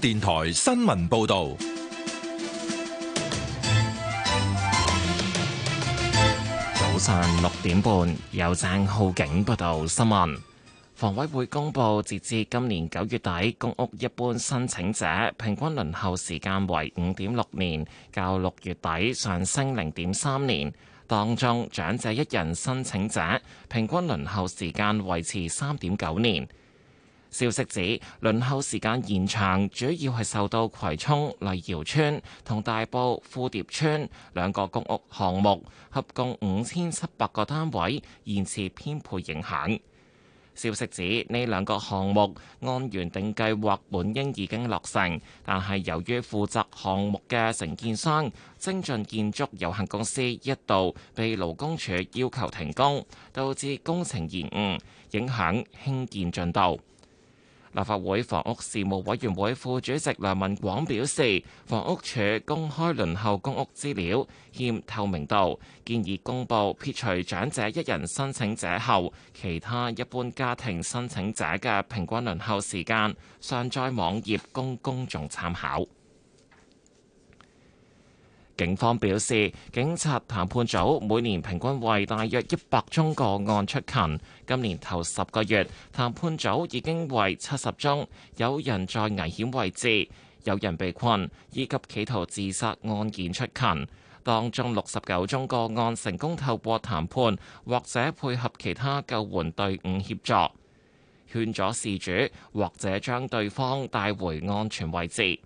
電台新聞報道，早晨六點半，有鄭浩景報道新聞。房委會公布，截至今年九月底，公屋一般申請者平均輪候時間為五點六年，較六月底上升零點三年。當中，長者一人申請者平均輪候時間維持三點九年。消息指輪候時間延長，主要係受到葵涌麗瑤村同大埔富蝶村兩個公屋項目合共五千七百個單位延遲編配影響。消息指呢兩個項目按原定計劃本應已經落成，但係由於負責項目嘅承建商精進建築有限公司一度被勞工處要求停工，導致工程延誤，影響興建進度。立法會房屋事務委員會副主席梁文廣表示，房屋署公開輪候公屋資料欠透明度，建議公佈撇除長者一人申請者後，其他一般家庭申請者嘅平均輪候時間，上載網頁供公眾參考。警方表示，警察談判組每年平均為大約一百宗個案出勤。今年頭十個月，談判組已經為七十宗有人在危險位置、有人被困以及企圖自殺案件出勤。當中六十九宗個案成功透過談判，或者配合其他救援隊伍協助勸阻事主，或者將對方帶回安全位置。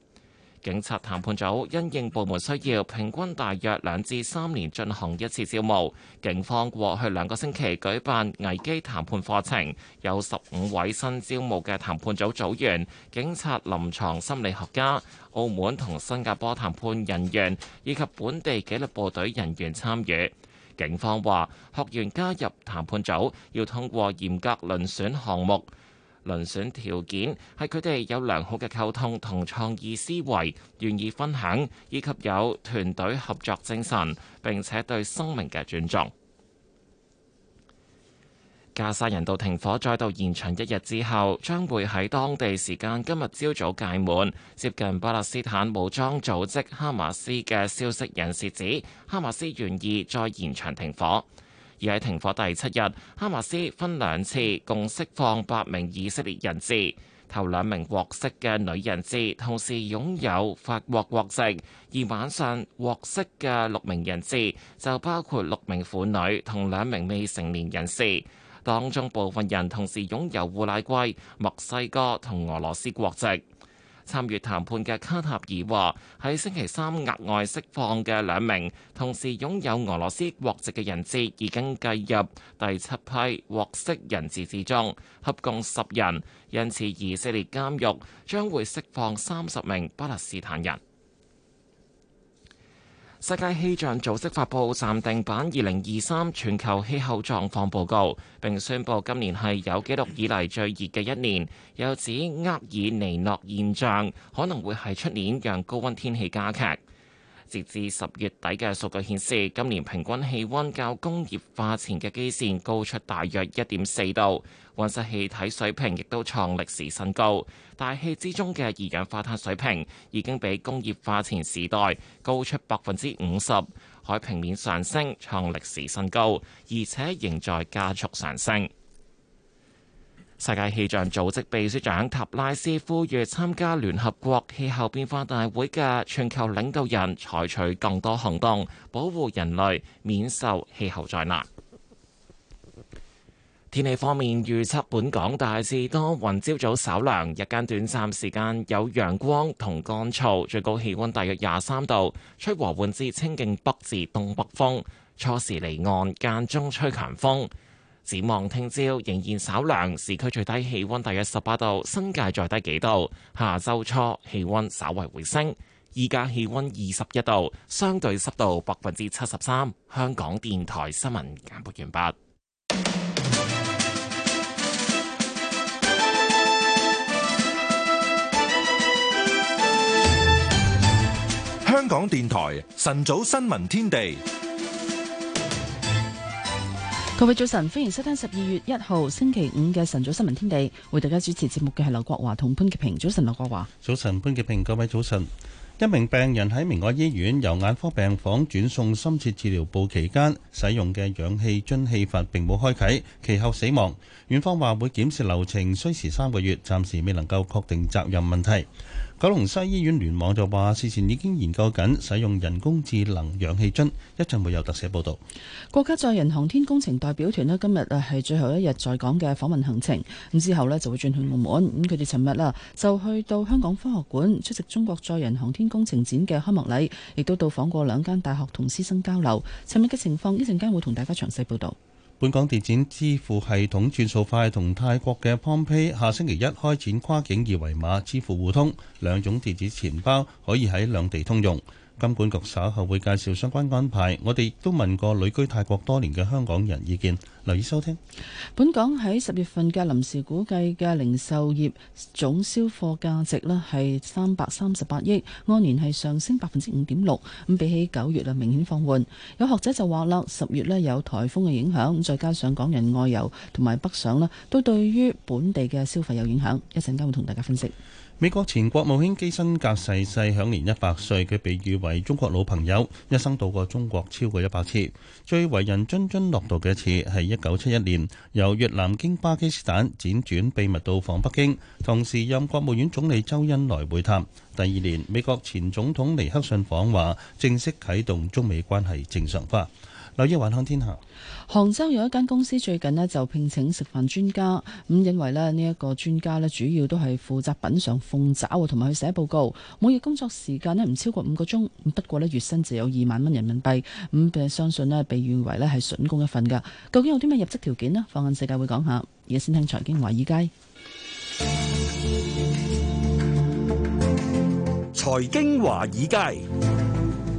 警察談判組因應部門需要，平均大約兩至三年進行一次招募。警方過去兩個星期舉辦危機談判課程，有十五位新招募嘅談判組組員、警察臨床心理學家、澳門同新加坡談判人員以及本地紀律部隊人員參與，警方話學員加入談判組要通過嚴格遴選項目。輪選條件係佢哋有良好嘅溝通同創意思維，願意分享，以及有團隊合作精神，並且對生命嘅尊重。加沙 人道停火再度延長一日之後，將會喺當地時間今日朝早屆滿。接近巴勒斯坦武裝組織哈馬斯嘅消息人士指，哈馬斯願意再延長停火。而喺停火第七日，哈馬斯分兩次共釋放八名以色列人質，頭兩名獲釋嘅女人質同時擁有法國國籍，而晚上獲釋嘅六名人質就包括六名婦女同兩名未成年人士，當中部分人同時擁有烏拉圭、墨西哥同俄羅斯國籍。參與談判嘅卡塔爾話，喺星期三額外釋放嘅兩名同時擁有俄羅斯國籍嘅人質已經計入第七批獲釋人質之中，合共十人。因此，以色列監獄將會釋放三十名巴勒斯坦人。世界氣象組織發布暫定版二零二三全球氣候狀況報告，並宣布今年係有紀錄以嚟最熱嘅一年，又指厄爾尼諾現象可能會係出年讓高溫天氣加劇。截至十月底嘅數據顯示，今年平均氣溫較工業化前嘅基綫高出大約一點四度，溫室氣體水平亦都創歷史新高。大氣之中嘅二氧化碳水平已經比工業化前時代高出百分之五十，海平面上升創歷史新高，而且仍在加速上升。世界氣象組織秘書長塔拉斯呼籲參加聯合國氣候變化大會嘅全球領導人採取更多行動，保護人類免受氣候災難。天氣方面預測，預測本港大致多雲，朝早稍涼，日間短暫時間有陽光同乾燥，最高氣溫大約廿三度，吹和緩至清勁北至東北風，初時離岸，間中吹強風。展望聽朝仍然稍涼，市區最低氣溫大約十八度，新界再低幾度。下周初氣溫稍為回升，依家，氣溫二十一度，相對濕度百分之七十三。香港電台新聞簡播完畢。香港電台晨早新聞天地。各位早晨，歡迎收聽十二月一號星期五嘅晨早新聞天地。為大家主持節目嘅係劉國華同潘潔平。早晨，劉國華。早晨，潘潔平。各位早晨。一名病人喺明愛醫院由眼科病房轉送深切治療部期間，使用嘅氧氣樽氣閥並冇開啟，其後死亡。院方話會檢視流程，需時三個月，暫時未能夠確定責任問題。九龍西醫院聯網就話，事前已經研究緊使用人工智能氧氣樽，一陣會有特寫報道。國家載人航天工程代表團咧今日係最後一日，在港嘅訪問行程，咁之後咧就會轉去澳門。咁佢哋尋日啦就去到香港科學館出席中國載人航天工程展嘅開幕禮，亦都到訪過兩間大學同師生交流。尋日嘅情況一陣間會同大家詳細報道。本港電子支付系統轉數快同泰國嘅 Pompay 下星期一開展跨境二維碼支付互通，兩種電子錢包可以喺兩地通用。金管局稍後會介紹相關安排，我哋亦都問過旅居泰國多年嘅香港人意見，留意收聽。本港喺十月份嘅臨時估計嘅零售業總銷貨價值呢係三百三十八億，按年係上升百分之五點六，咁比起九月啊明顯放緩。有學者就話啦，十月呢有颱風嘅影響，再加上港人外遊同埋北上呢都對於本地嘅消費有影響。一陣間會同大家分析。美國前國務卿基辛格逝世，享年一百歲。佢被譽為中國老朋友，一生到過中國超過一百次。最為人津津樂道嘅一次係一九七一年由越南經巴基斯坦輾轉秘密到訪北京，同時任國務院總理周恩來會談。第二年，美國前總統尼克遜訪華，正式啟動中美關係正常化。留意《環看天下》。杭州有一間公司最近咧，就聘請食飯專家，咁因為咧，呢一個專家咧，主要都係負責品嘗鳳爪同埋去寫報告，每日工作時間咧唔超過五個鐘，不過咧，月薪就有二萬蚊人民幣，咁相信咧，被譽為咧係筍工一份噶。究竟有啲咩入職條件呢？放眼世界會講下。而家先聽財經華爾街，財經華爾街。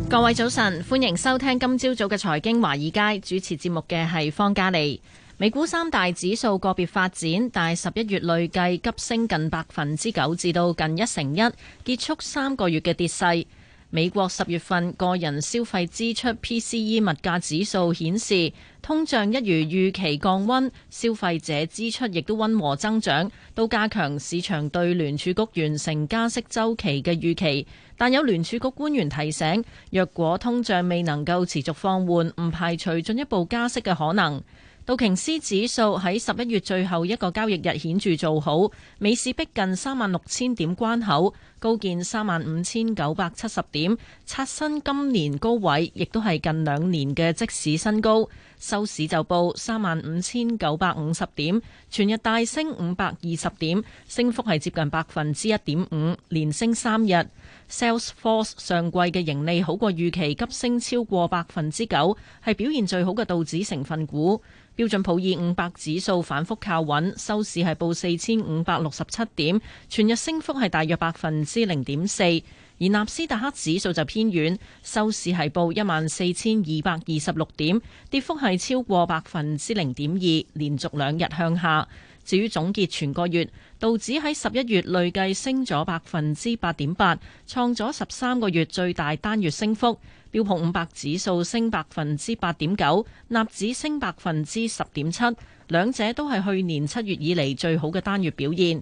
各位早晨，歡迎收聽今朝早嘅財經華爾街。主持節目嘅係方嘉莉。美股三大指數個別發展，但十一月累計急升近百分之九，至到近一成一，結束三個月嘅跌勢。美國十月份個人消費支出 PCE 物價指數顯示，通脹一如預期降溫，消費者支出亦都溫和增長，都加強市場對聯儲局完成加息週期嘅預期。但有聯儲局官員提醒，若果通脹未能夠持續放緩，唔排除進一步加息嘅可能。道瓊斯指數喺十一月最後一個交易日顯著做好，美市逼近三萬六千點關口，高見三萬五千九百七十點，刷新今年高位，亦都係近兩年嘅即市新高。收市就報三萬五千九百五十點，全日大升五百二十點，升幅係接近百分之一點五，連升三日。Salesforce 上季嘅盈利好過預期，急升超過百分之九，係表現最好嘅道指成分股。標準普爾五百指數反復靠穩，收市係報四千五百六十七點，全日升幅係大約百分之零點四。而納斯達克指數就偏軟，收市係報一萬四千二百二十六點，跌幅係超過百分之零點二，連續兩日向下。至於總結全個月，道指喺十一月累計升咗百分之八點八，創咗十三個月最大單月升幅；標普五百指數升百分之八點九，納指升百分之十點七，兩者都係去年七月以嚟最好嘅單月表現。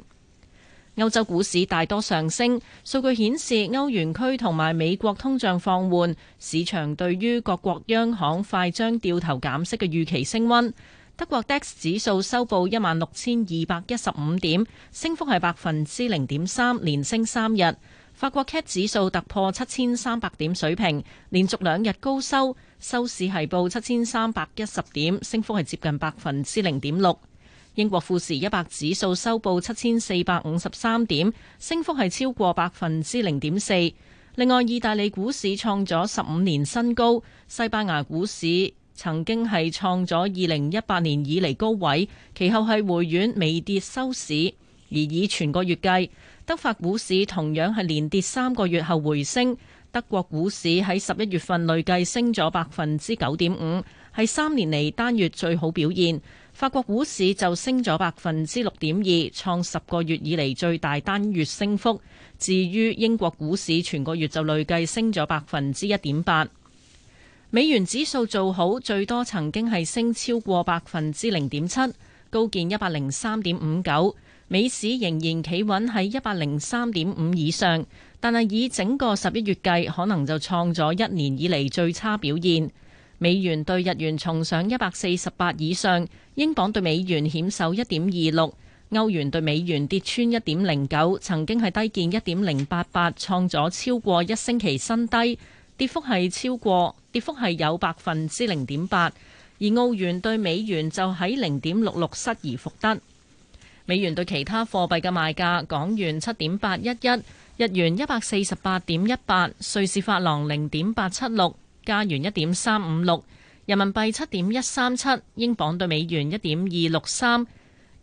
歐洲股市大多上升，數據顯示歐元區同埋美國通脹放緩，市場對於各國央行快將掉頭減息嘅預期升溫。德國 DAX 指數收報一萬六千二百一十五點，升幅係百分之零點三，連升三日。法國 CAC 指數突破七千三百點水平，連續兩日高收，收市係報七千三百一十點，升幅係接近百分之零點六。英國富時一百指數收報七千四百五十三點，升幅係超過百分之零點四。另外，意大利股市創咗十五年新高，西班牙股市。曾經係創咗二零一八年以嚟高位，其後係回軟微跌收市。而以全個月計，德法股市同樣係連跌三個月後回升。德國股市喺十一月份累計升咗百分之九點五，係三年嚟單月最好表現。法國股市就升咗百分之六點二，創十個月以嚟最大單月升幅。至於英國股市，全個月就累計升咗百分之一點八。美元指數做好最多，曾經係升超過百分之零點七，高見一百零三點五九。美市仍然企穩喺一百零三點五以上，但係以整個十一月計，可能就創咗一年以嚟最差表現。美元對日元重上一百四十八以上，英鎊對美元險守一點二六，歐元對美元跌穿一點零九，曾經係低見一點零八八，創咗超過一星期新低，跌幅係超過。跌幅係有百分之零點八，而澳元對美元就喺零點六六失而復得。美元對其他貨幣嘅賣價：港元七點八一一，日元一百四十八點一八，瑞士法郎零點八七六，加元一點三五六，人民幣七點一三七，英鎊對美元一點二六三，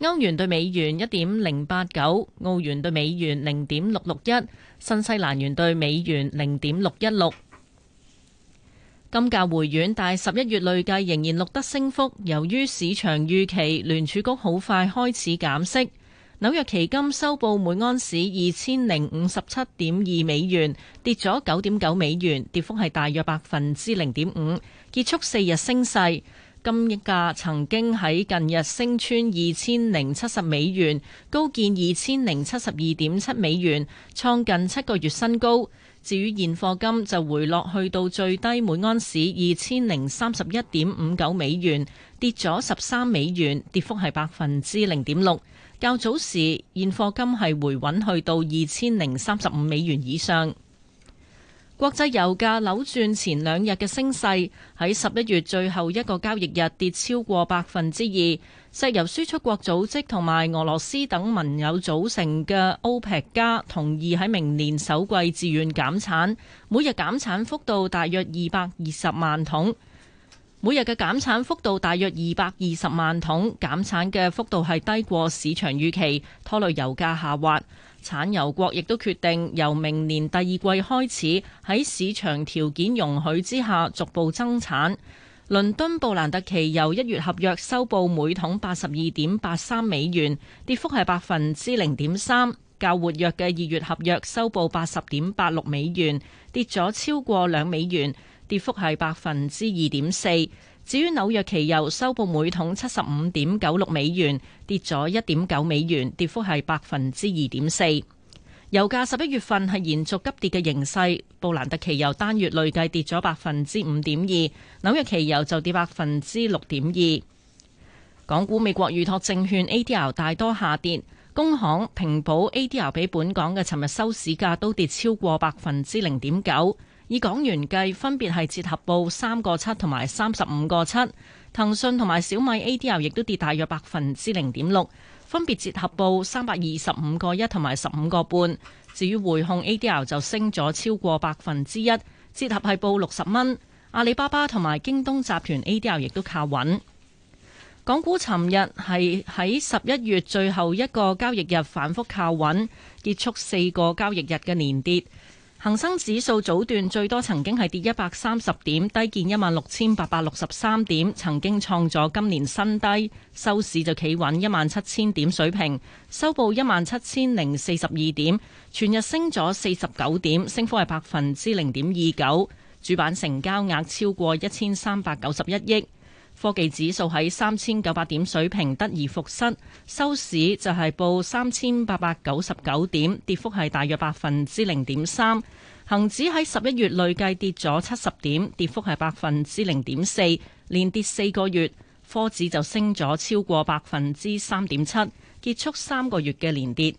歐元對美元一點零八九，澳元對美元零點六六一，新西蘭元對美元零點六一六。金價回軟，但係十一月累計仍然錄得升幅。由於市場預期聯儲局好快開始減息，紐約期金收報每安士二千零五十七點二美元，跌咗九點九美元，跌幅係大約百分之零點五，結束四日升勢。金價曾經喺近日升穿二千零七十美元，高見二千零七十二點七美元，創近七個月新高。至於現貨金就回落去到最低每安士二千零三十一點五九美元，跌咗十三美元，跌幅係百分之零點六。較早時現貨金係回穩去到二千零三十五美元以上。國際油價扭轉前兩日嘅升勢，喺十一月最後一個交易日跌超過百分之二。石油輸出國組織同埋俄羅斯等盟友組成嘅 OPEC 加同意喺明年首季自願減產，每日減產幅度大約二百二十萬桶。每日嘅減產幅度大約二百二十萬桶，減產嘅幅度係低過市場預期，拖累油價下滑。產油國亦都決定由明年第二季開始喺市場條件容許之下逐步增產。倫敦布蘭特期油一月合約收報每桶八十二點八三美元，跌幅係百分之零點三，較活躍嘅二月合約收報八十點八六美元，跌咗超過兩美元，跌幅係百分之二點四。至於紐約期油收報每桶七十五點九六美元，跌咗一點九美元，跌幅係百分之二點四。油價十一月份係延續急跌嘅形勢，布蘭特期油單月累計跌咗百分之五點二，紐約期油就跌百分之六點二。港股美國預託證券 ADR 大多下跌，工行、平保 ADR 比本港嘅尋日收市價都跌超過百分之零點九，以港元計分別係折合報三個七同埋三十五個七。騰訊同埋小米 ADR 亦都跌大約百分之零點六。分別折合報三百二十五個一同埋十五個半，至於匯控 ADR 就升咗超過百分之一，折合係報六十蚊。阿里巴巴同埋京東集團 ADR 亦都靠穩。港股尋日係喺十一月最後一個交易日反覆靠穩，結束四個交易日嘅連跌。恒生指數早段最多曾經係跌一百三十點，低見一萬六千八百六十三點，曾經創咗今年新低。收市就企穩一萬七千點水平，收報一萬七千零四十二點，全日升咗四十九點，升幅係百分之零點二九。主板成交額超過一千三百九十一億。科技指數喺三千九百點水平得而復失，收市就係報三千八百九十九點，跌幅係大約百分之零點三。恒指喺十一月累計跌咗七十點，跌幅係百分之零點四，連跌四個月。科指就升咗超過百分之三點七，結束三個月嘅連跌。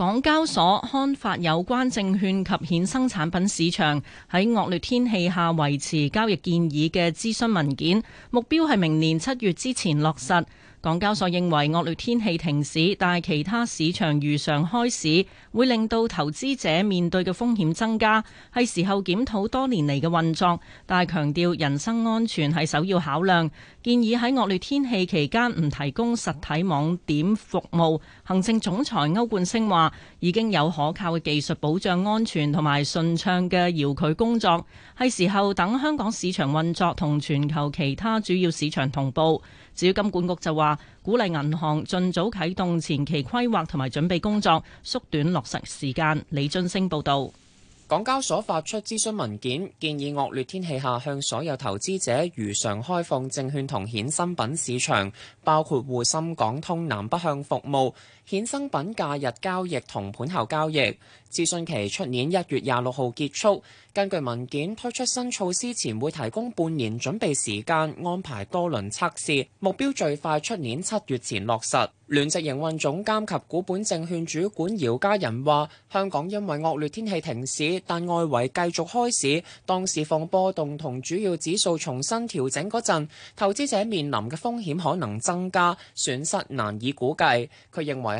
港交所刊發有關證券及衍生產品市場喺惡劣天氣下維持交易建議嘅諮詢文件，目標係明年七月之前落實。港交所認為惡劣天氣停市，但係其他市場如常開市，會令到投資者面對嘅風險增加，係時候檢討多年嚟嘅運作，但係強調人身安全係首要考量，建議喺惡劣天氣期間唔提供實體網點服務。行政總裁歐冠昇話已經有可靠嘅技術保障安全同埋順暢嘅遙距工作，係時候等香港市場運作同全球其他主要市場同步。至於金管局就話，鼓勵銀行盡早啟動前期規劃同埋準備工作，縮短落實時間。李俊升報導。港交所發出諮詢文件，建議惡劣天氣下向所有投資者如常開放證券同衍生品市場，包括滬深港通南北向服務。衍生品假日交易同盤後交易諮詢期出年一月廿六號結束。根據文件，推出新措施前會提供半年準備時間，安排多輪測試，目標最快出年七月前落實。聯席營運總監及股本證券主管姚家仁話：香港因為惡劣天氣停市，但外圍繼續開市。當市況波動同主要指數重新調整嗰陣，投資者面臨嘅風險可能增加，損失難以估計。佢認為。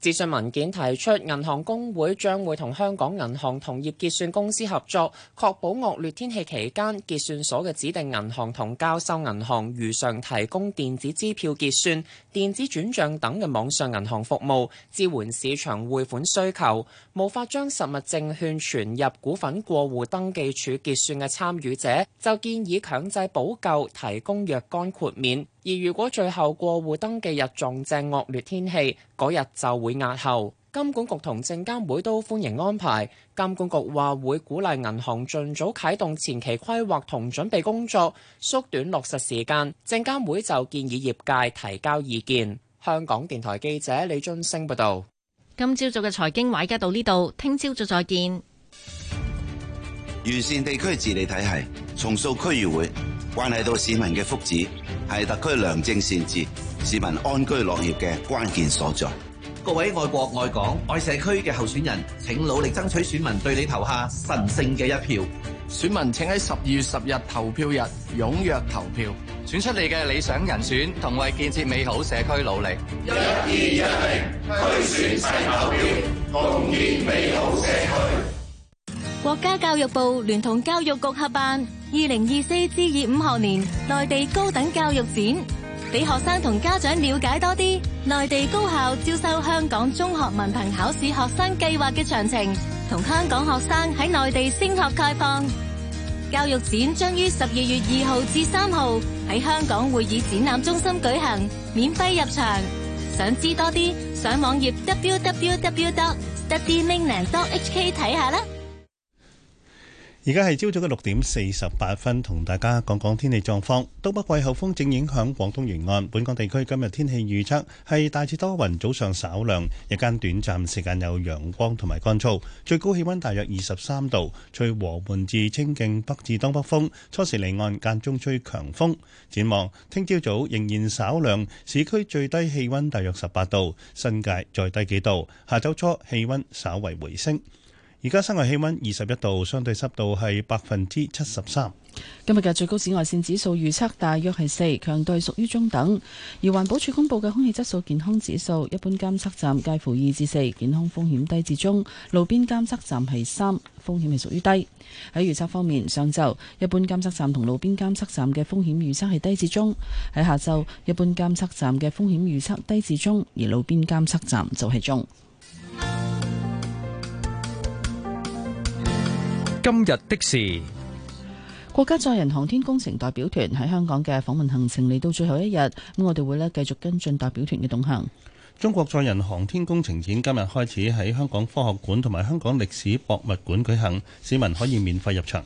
諮詢文件提出，銀行公會將會同香港銀行同業結算公司合作，確保惡劣天氣期間結算所嘅指定銀行同交收銀行如常提供電子支票結算、電子轉賬等嘅網上銀行服務，支援市場匯款需求。無法將實物證券存入股份過戶登記處結算嘅參與者，就建議強制補救，提供若干豁免。而如果最後過戶登記日撞正惡劣天氣，嗰日就會押後。金管局同證監會都歡迎安排。金管局話會鼓勵銀行盡早啟動前期規劃同準備工作，縮短落實時間。證監會就建議業界提交意見。香港電台記者李俊星報道：「今朝早嘅財經委一到呢度，聽朝早再見。」完善地區治理體系，重塑區議會，關係到市民嘅福祉。係特區良政善治、市民安居樂業嘅關鍵所在。各位愛國、愛港、愛社區嘅候選人，請努力爭取選民對你投下神聖嘅一票。選民請喺十二月十日投票日踴躍投票，選出你嘅理想人選，同為建設美好社區努力。一的、二、一零，區選齊投票，共建美好社區。國家教育部聯同教育局合辦，二零二四至二五學年內地高等教育展，俾學生同家長了解多啲內地高校招收香港中學文憑考試學生計劃嘅詳情，同香港學生喺內地升學概況。教育展將於十二月二號至三號喺香港會議展覽中心舉行，免費入場。想知多啲，上網頁 www.studymainland.hk 睇下啦。而家係朝早嘅六點四十八分，同大家講講天氣狀況。東北季候風正影響廣東沿岸，本港地區今日天氣預測係大致多雲，早上稍涼，日間短暫時間有陽光同埋乾燥，最高氣溫大約二十三度，吹和緩至清勁北至東北風，初時離岸間中吹強風。展望聽朝早仍然稍涼，市區最低氣溫大約十八度，新界再低幾度。下周初氣溫稍為回升。而家室外氣溫二十一度，相對濕度係百分之七十三。今日嘅最高紫外線指數預測大約係四，強度屬於中等。而環保署公布嘅空氣質素健康指數，一般監測站介乎二至四，健康風險低至中；路邊監測站係三，風險係屬於低。喺預測方面，上晝一般監測站同路邊監測站嘅風險預測係低至中；喺下晝，一般監測站嘅風險預測低至中，而路邊監測站就係中。 今日的事，國家載人航天工程代表團喺香港嘅訪問行程嚟到最後一日，咁我哋會呢繼續跟進代表團嘅動向。中國載人航天工程展今日開始喺香港科學館同埋香港歷史博物館舉行，市民可以免費入場。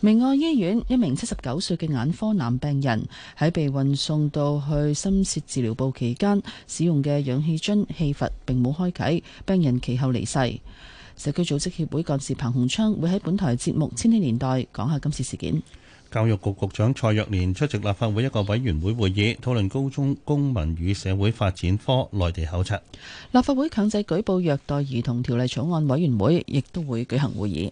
明愛醫院一名七十九歲嘅眼科男病人喺被運送到去深切治療部期間，使用嘅氧氣樽氣閥並冇開啟，病人其後離世。社區組織協會幹事彭洪昌會喺本台節目《千禧年代》講下今次事件。教育局局長蔡若蓮出席立法會一個委員會會議，討論高中公民與社會發展科內地考察。立法會強制舉報虐待兒童條例草案委員會亦都會舉行會議。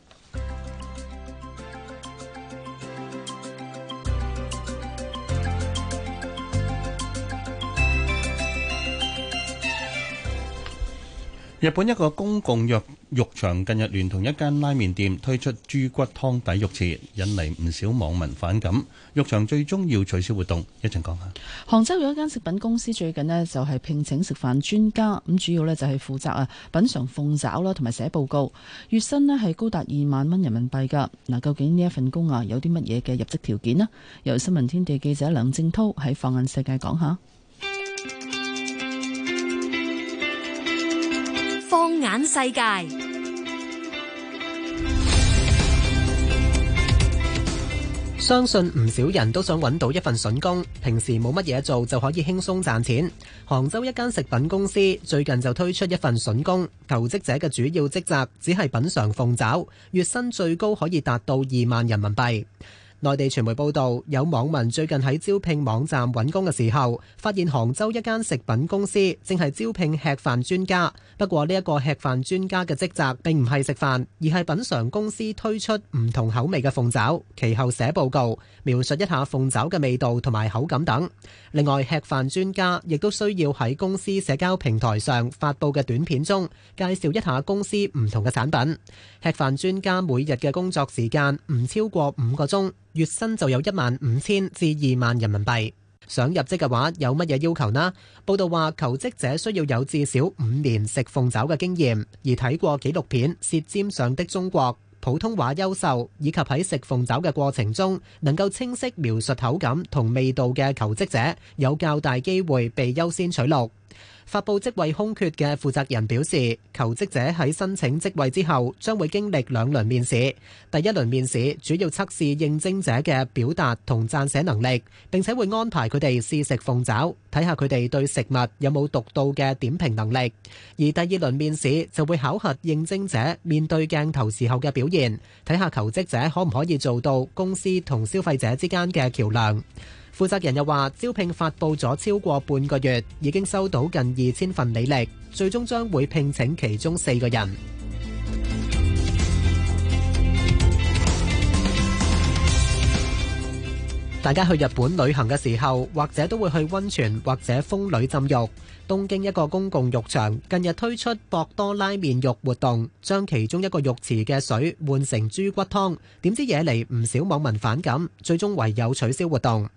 日本一個公共約肉浴場近日聯同一間拉麵店推出豬骨湯底浴池，引嚟唔少網民反感。浴場最終要取消活動，一陣講下。杭州有一間食品公司最近呢就係聘請食飯專家，咁主要呢就係負責啊品嘗鳳爪啦，同埋寫報告。月薪呢係高達二萬蚊人民幣噶。嗱，究竟呢一份工啊有啲乜嘢嘅入職條件呢？由新聞天地記者梁正濤喺放眼世界講下。放眼世界，相信唔少人都想揾到一份筍工，平時冇乜嘢做就可以輕鬆賺錢。杭州一間食品公司最近就推出一份筍工，求職者嘅主要職責只係品嘗鳳爪，月薪最高可以達到二萬人民幣。內地傳媒報導，有網民最近喺招聘網站揾工嘅時候，發現杭州一間食品公司正係招聘吃飯專家。不過，呢一個吃飯專家嘅職責並唔係食飯，而係品嚐公司推出唔同口味嘅鳳爪，其後寫報告描述一下鳳爪嘅味道同埋口感等。另外，吃飯專家亦都需要喺公司社交平台上發布嘅短片中介紹一下公司唔同嘅產品。吃飯專家每日嘅工作時間唔超過五個鐘。月薪就有一萬五千至二萬人民幣。想入職嘅話，有乜嘢要求呢？報道話，求職者需要有至少五年食鳳爪嘅經驗，而睇過紀錄片《舌尖上的中國》，普通話優秀，以及喺食鳳爪嘅過程中能夠清晰描述口感同味道嘅求職者，有較大機會被優先取錄。發佈職位空缺嘅負責人表示，求職者喺申請職位之後將會經歷兩輪面試。第一輪面試主要測試應徵者嘅表達同撰寫能力，並且會安排佢哋試食鳳爪，睇下佢哋對食物有冇獨到嘅點評能力。而第二輪面試就會考核應徵者面對鏡頭時候嘅表現，睇下求職者可唔可以做到公司同消費者之間嘅橋樑。負責人又話：招聘發佈咗超過半個月，已經收到近二千份履歷，最終將會聘請其中四個人。大家去日本旅行嘅時候，或者都會去溫泉或者風呂浸浴。東京一個公共浴場近日推出博多拉麵浴活動，將其中一個浴池嘅水換成豬骨湯，點知惹嚟唔少網民反感，最終唯有取消活動。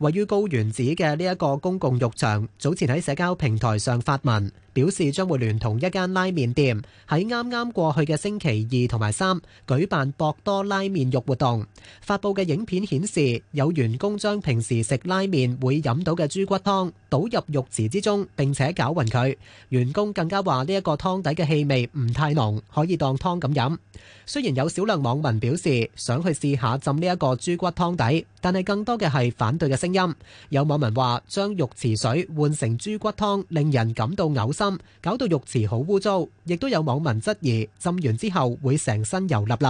位於高原寺嘅呢一個公共浴場早前喺社交平台上發文。表示將會聯同一間拉麵店喺啱啱過去嘅星期二同埋三舉辦博多拉麵浴活動。發布嘅影片顯示，有員工將平時食拉麵會飲到嘅豬骨湯倒入浴池之中，並且攪勻佢。員工更加話呢一個湯底嘅氣味唔太濃，可以當湯咁飲。雖然有少量網民表示想去試下浸呢一個豬骨湯底，但係更多嘅係反對嘅聲音。有網民話將浴池水換成豬骨湯，令人感到嘔心。搞到浴池好污糟，亦都有網民質疑浸完之後會成身油立立。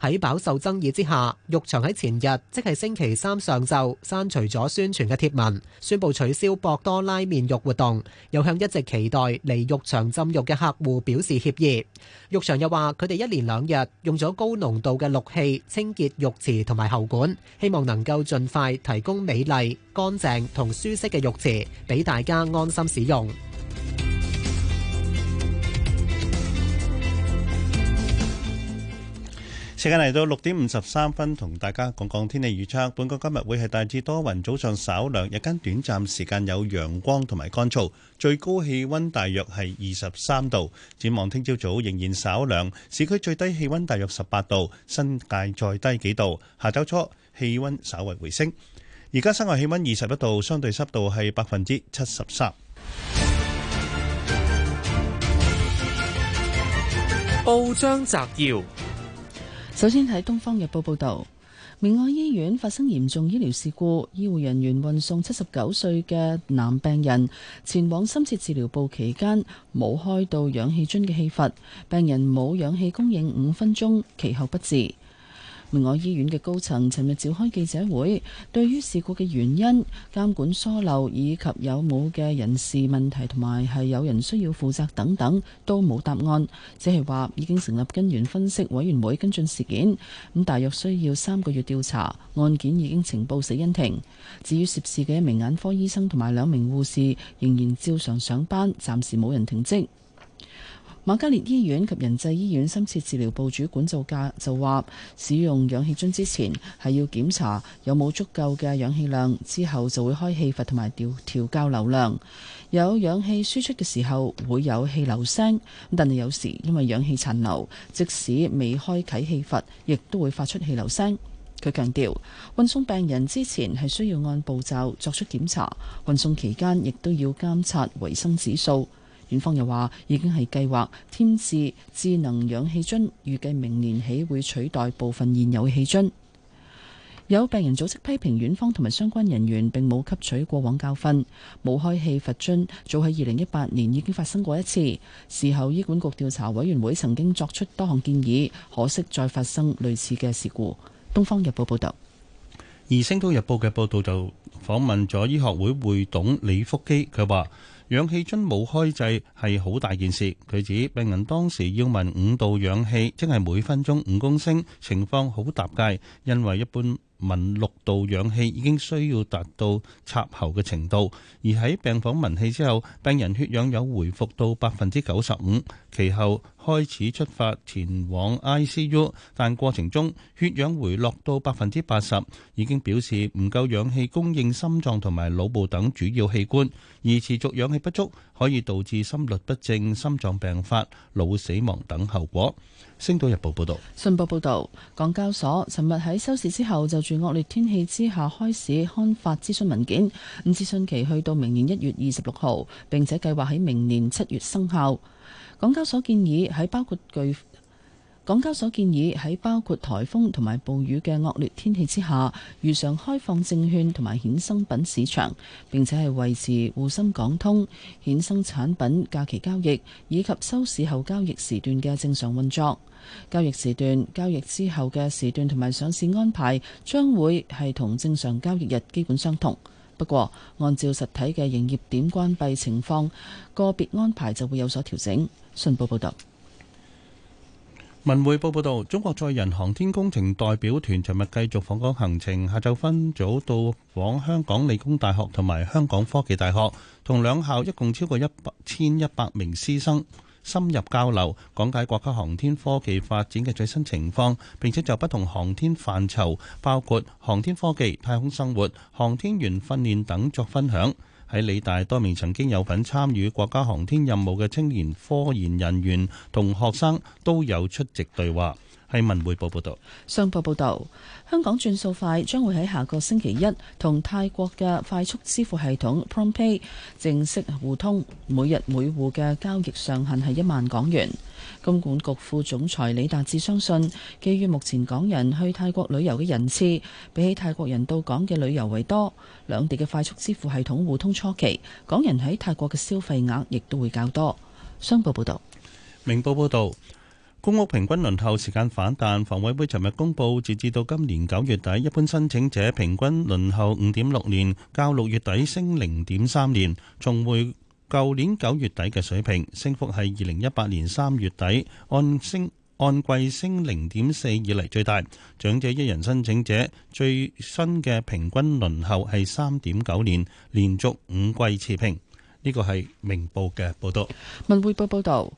喺飽受爭議之下，浴場喺前日，即係星期三上晝，刪除咗宣傳嘅貼文，宣布取消博多拉麵浴活動，又向一直期待嚟浴場浸浴嘅客戶表示歉意。浴場又話佢哋一連兩日用咗高濃度嘅氯氣清潔浴池同埋喉管，希望能夠盡快提供美麗、乾淨同舒適嘅浴池俾大家安心使用。時間嚟到六點五十三分，同大家講講天氣預測。本港今日會係大致多雲，早上稍涼，日間短暫時間有陽光同埋乾燥，最高氣温大約係二十三度。展望聽朝早仍然稍涼，市區最低氣温大約十八度，新界再低幾度。下周初氣温稍為回升。而家室外氣温二十一度，相對濕度係百分之七十三。報章摘要。首先睇《東方日報》報道，明愛醫院發生嚴重醫療事故，醫護人員運送七十九歲嘅男病人前往深切治療部期間，冇開到氧氣樽嘅氣閥，病人冇氧氣供應五分鐘，其後不治。明愛醫院嘅高層尋日召開記者會，對於事故嘅原因、監管疏漏以及有冇嘅人事問題同埋係有人需要負責等等，都冇答案，只係話已經成立根源分析委員會跟進事件，咁大約需要三個月調查，案件已經呈報死因庭。至於涉事嘅一名眼科醫生同埋兩名護士，仍然照常上班，暫時冇人停職。馬加烈醫院及仁濟醫院深切治療部主管造價就話：使用氧氣樽之前，係要檢查有冇足夠嘅氧氣量，之後就會開氣閥同埋調調校流量。有氧氣輸出嘅時候會有氣流聲，但係有時因為氧氣殘留，即使未開啟氣閥，亦都會發出氣流聲。佢強調，運送病人之前係需要按步驟作出檢查，運送期間亦都要監察維生指數。院方又話，已經係計劃添置智能氧氣樽，預計明年起會取代部分現有嘅氣樽。有病人組織批評院方同埋相關人員並冇吸取過往教訓，冇開氣佛樽，早喺二零一八年已經發生過一次。事後醫管局調查委員會曾經作出多項建議，可惜再發生類似嘅事故。《東方日報，報》報道。而《星都日報》嘅報導就訪問咗醫學會會董李福基，佢話。氧氣樽冇開制係好大件事，佢指病人當時要聞五度氧氣，即係每分鐘五公升，情況好搭界，因為一般。聞六度氧氣已經需要達到插喉嘅程度，而喺病房聞氣之後，病人血氧有回復到百分之九十五，其後開始出發前往 ICU，但過程中血氧回落到百分之八十，已經表示唔夠氧氣供應心臟同埋腦部等主要器官，而持續氧氣不足。可以導致心律不正、心臟病發、腦死亡等後果。星島日報報道：「信報報道，港交所尋日喺收市之後，就住惡劣天氣之下開始刊發諮詢文件，咁諮詢期去到明年一月二十六號，並且計劃喺明年七月生效。港交所建議喺包括巨港交所建議喺包括颱風同埋暴雨嘅惡劣天氣之下，如常開放證券同埋衍生品市場，並且係維持滬深港通衍生產品假期交易以及收市後交易時段嘅正常運作。交易時段、交易之後嘅時段同埋上市安排，將會係同正常交易日基本相同。不過，按照實體嘅營業點關閉情況，個別安排就會有所調整。信報報道。文匯報報道，中國載人航天工程代表團尋日繼續訪港行程，下晝分組到訪香港理工大學同埋香港科技大學，同兩校一共超過一百千一百名師生深入交流，講解國家航天科技發展嘅最新情況，並且就不同航天範疇，包括航天科技、太空生活、航天員訓練等作分享。喺理大多名曾經有份參與國家航天任務嘅青年科研人員同學生都有出席對話。係文匯報報道，商報報道，香港轉數快將會喺下個星期一同泰國嘅快速支付系統 PromptPay 正式互通，每日每戶嘅交易上限係一萬港元。金管局副總裁李達志相信，基於目前港人去泰國旅遊嘅人次，比起泰國人到港嘅旅遊為多，兩地嘅快速支付系統互通初期，港人喺泰國嘅消費額亦都會較多。商報報道，明報報道。公屋平均輪候時間反彈，房委會尋日公布，截至到今年九月底，一般申請者平均輪候五點六年，較六月底升零點三年，重回舊年九月底嘅水平，升幅係二零一八年三月底按升按季升零點四以嚟最大。長者一人申請者最新嘅平均輪候係三點九年，連續五季持平。呢個係明報嘅報道，文匯報報道。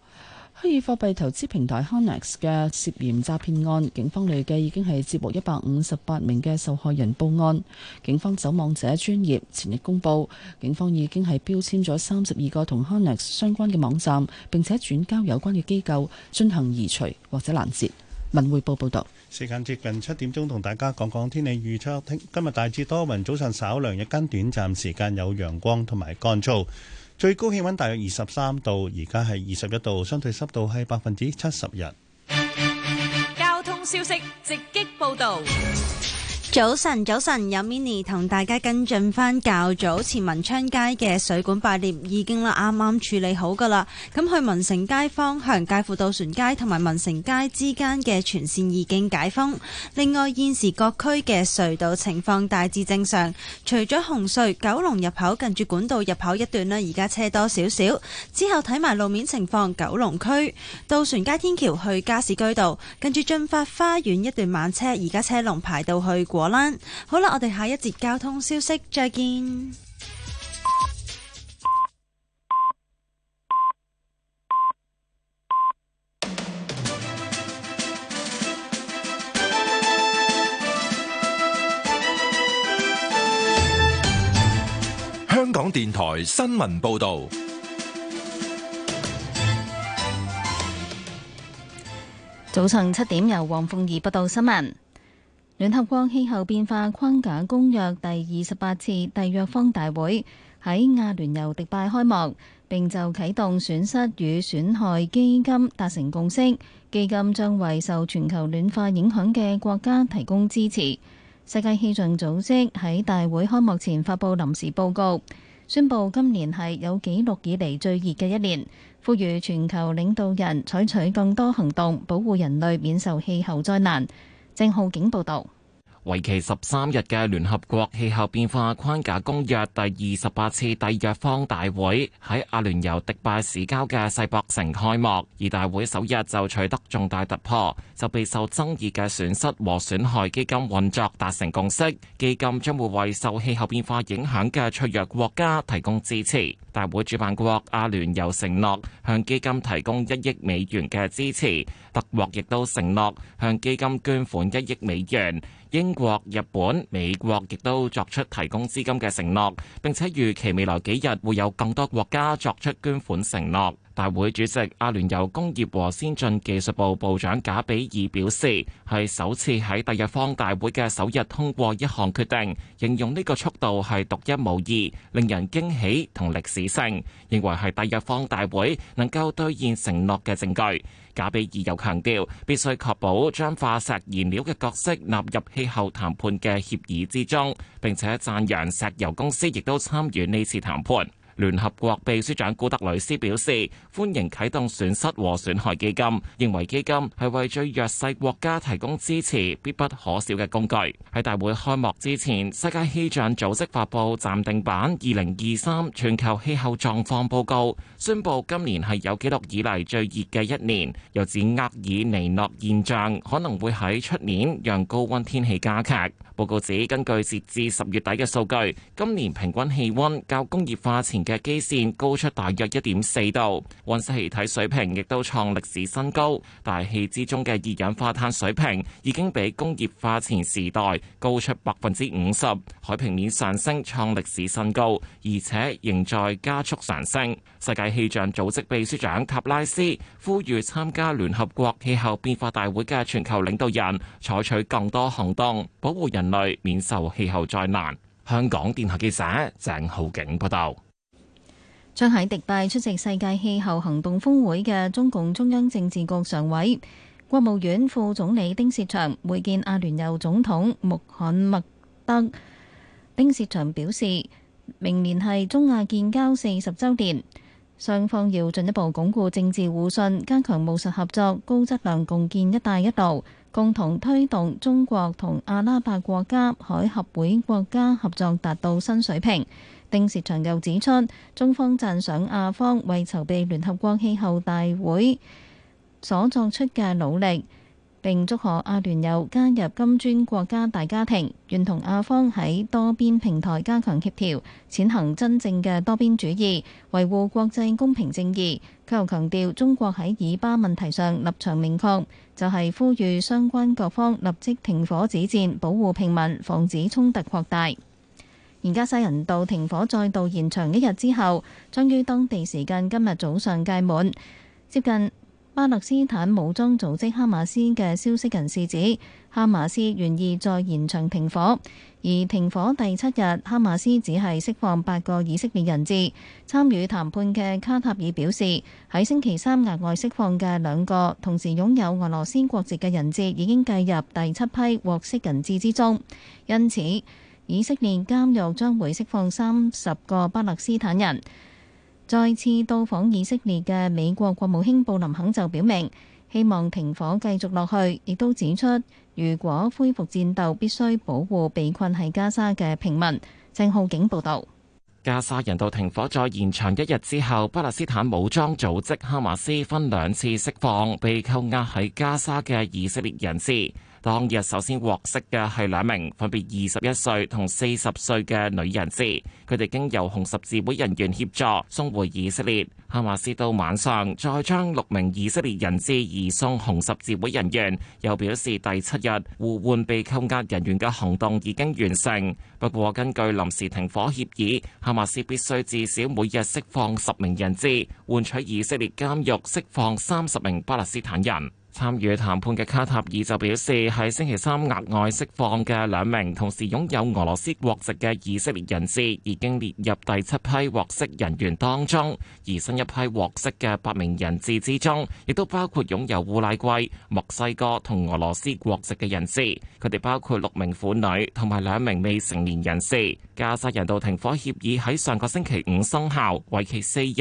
虛擬貨幣投資平台 Connex 嘅涉嫌詐騙案，警方累計已經係接獲一百五十八名嘅受害人報案。警方守網者專業前日公布，警方已經係標籤咗三十二個同 Connex 相關嘅網站，並且轉交有關嘅機構進行移除或者攔截。文匯報報道。時間接近七點鐘，同大家講講天氣預測。聽今日大致多雲，早上稍涼，日間短暫時間有陽光同埋乾燥。最高氣溫大約二十三度，而家係二十一度，相對濕度係百分之七十一。交通消息直擊報道。早晨，早晨，有 Minnie 同大家跟進翻，較早前文昌街嘅水管爆裂已經啦，啱啱處理好噶啦。咁去文城街方向、介乎渡船街同埋文城街之間嘅全線已經解封。另外，現時各區嘅隧道情況大致正常，除咗紅隧九龍入口近住管道入口一段咧，而家車多少少。之後睇埋路面情況，九龍區渡船街天橋去加士居道近住駿發花園一段慢車，而家車龍排到去。好啦，我哋下一節交通消息再見。香港電台新聞報道，早上七點由黃鳳儀報道新聞。聯合國氣候變化框架公約第二十八次締約方大會喺阿聯酋迪拜開幕，並就啟動損失與損害基金達成共識，基金將為受全球暖化影響嘅國家提供支持。世界氣象組織喺大會開幕前發布臨時報告，宣布今年係有紀錄以嚟最熱嘅一年，呼籲全球領導人採取更多行動，保護人類免受氣候災難。鄭浩景報道。為期十三日嘅聯合國氣候變化框架公約第二十八次締約方大會喺阿聯酋迪，迪拜市郊嘅世博城開幕，而大會首日就取得重大突破，就備受爭議嘅損失和損害基金運作達成共識。基金將會為受氣候變化影響嘅脆弱國家提供支持。大會主辦國阿聯酋承諾向基金提供一億美元嘅支持，德國亦都承諾向基金捐款一億美元。英國、日本、美國亦都作出提供資金嘅承諾，並且預期未來幾日會有更多國家作出捐款承諾。大會主席阿聯酋工業和先進技術部部長賈比爾表示，係首次喺締約方大會嘅首日通過一項決定，形容呢個速度係獨一無二，令人驚喜同歷史性，認為係締約方大會能夠兌現承諾嘅證據。賈比爾又強調，必須確保將化石燃料嘅角色納入氣候談判嘅協議之中，並且讚揚石油公司亦都參與呢次談判。聯合國秘書長古特雷斯表示歡迎啟動損失和損害基金，認為基金係為最弱勢國家提供支持必不可少嘅工具。喺大會開幕之前，世界氣象組織發布暫定版嘅基線高出大約一點四度，温室氣體水平亦都創歷史新高。大氣之中嘅二氧化碳水平已經比工業化前時代高出百分之五十，海平面上升創歷史新高，而且仍在加速上升。世界氣象組織秘書長塔拉斯呼籲參加聯合國氣候變化大會嘅全球領導人採取更多行動，保護人類免受氣候災難。香港電台記者鄭浩景報道。將喺迪拜出席世界氣候行動峰會嘅中共中央政治局常委、國務院副總理丁薛祥會見阿聯酋總統穆罕默德。丁薛祥表示，明年係中亞建交四十週年，雙方要進一步鞏固政治互信，加強務實合作，高質量共建“一帶一路”，共同推動中國同阿拉伯國家海合會國家合作達到新水平。丁薛祥又指出，中方讚賞阿方為籌備聯合國氣候大會所作出嘅努力，並祝賀阿聯酋加入金磚國家大家庭，願同阿方喺多邊平台加強協調，踐行真正嘅多邊主義，維護國際公平正義。佢又強調，中國喺以巴問題上立場明確，就係、是、呼籲相關各方立即停火止戰，保護平民，防止衝突擴大。而加西人道停火再度延長一日之後，將於當地時間今日早上屆滿。接近巴勒斯坦武裝組織哈馬斯嘅消息人士指，哈馬斯願意再延長停火。而停火第七日，哈馬斯只係釋放八個以色列人質。參與談判嘅卡塔爾表示，喺星期三額外釋放嘅兩個同時擁有俄羅斯國籍嘅人質，已經計入第七批獲釋人質之中。因此。以色列監獄將會釋放三十個巴勒斯坦人。再次到訪以色列嘅美國國務卿布林肯就表明，希望停火繼續落去，亦都指出，如果恢復戰鬥，必須保護被困喺加沙嘅平民。鄭浩景報道：「加沙人道停火再延長一日之後，巴勒斯坦武裝組織哈馬斯分兩次釋放被扣押喺加沙嘅以色列人士。當日首先獲釋嘅係兩名分別二十一歲同四十歲嘅女人質，佢哋經由紅十字會人員協助送回以色列。哈馬斯到晚上再將六名以色列人質移送紅十字會人員，又表示第七日互換被扣押人員嘅行動已經完成。不過根據臨時停火協議，哈馬斯必須至少每日釋放十名人質，換取以色列監獄釋放三十名巴勒斯坦人。參與談判嘅卡塔爾就表示，喺星期三額外釋放嘅兩名同時擁有俄羅斯國籍嘅以色列人士，已經列入第七批獲釋人員當中。而新一批獲釋嘅八名人質之中，亦都包括擁有烏拉圭、墨西哥同俄羅斯國籍嘅人士。佢哋包括六名婦女同埋兩名未成年人士。加沙人道停火協議喺上個星期五生效，為期四日。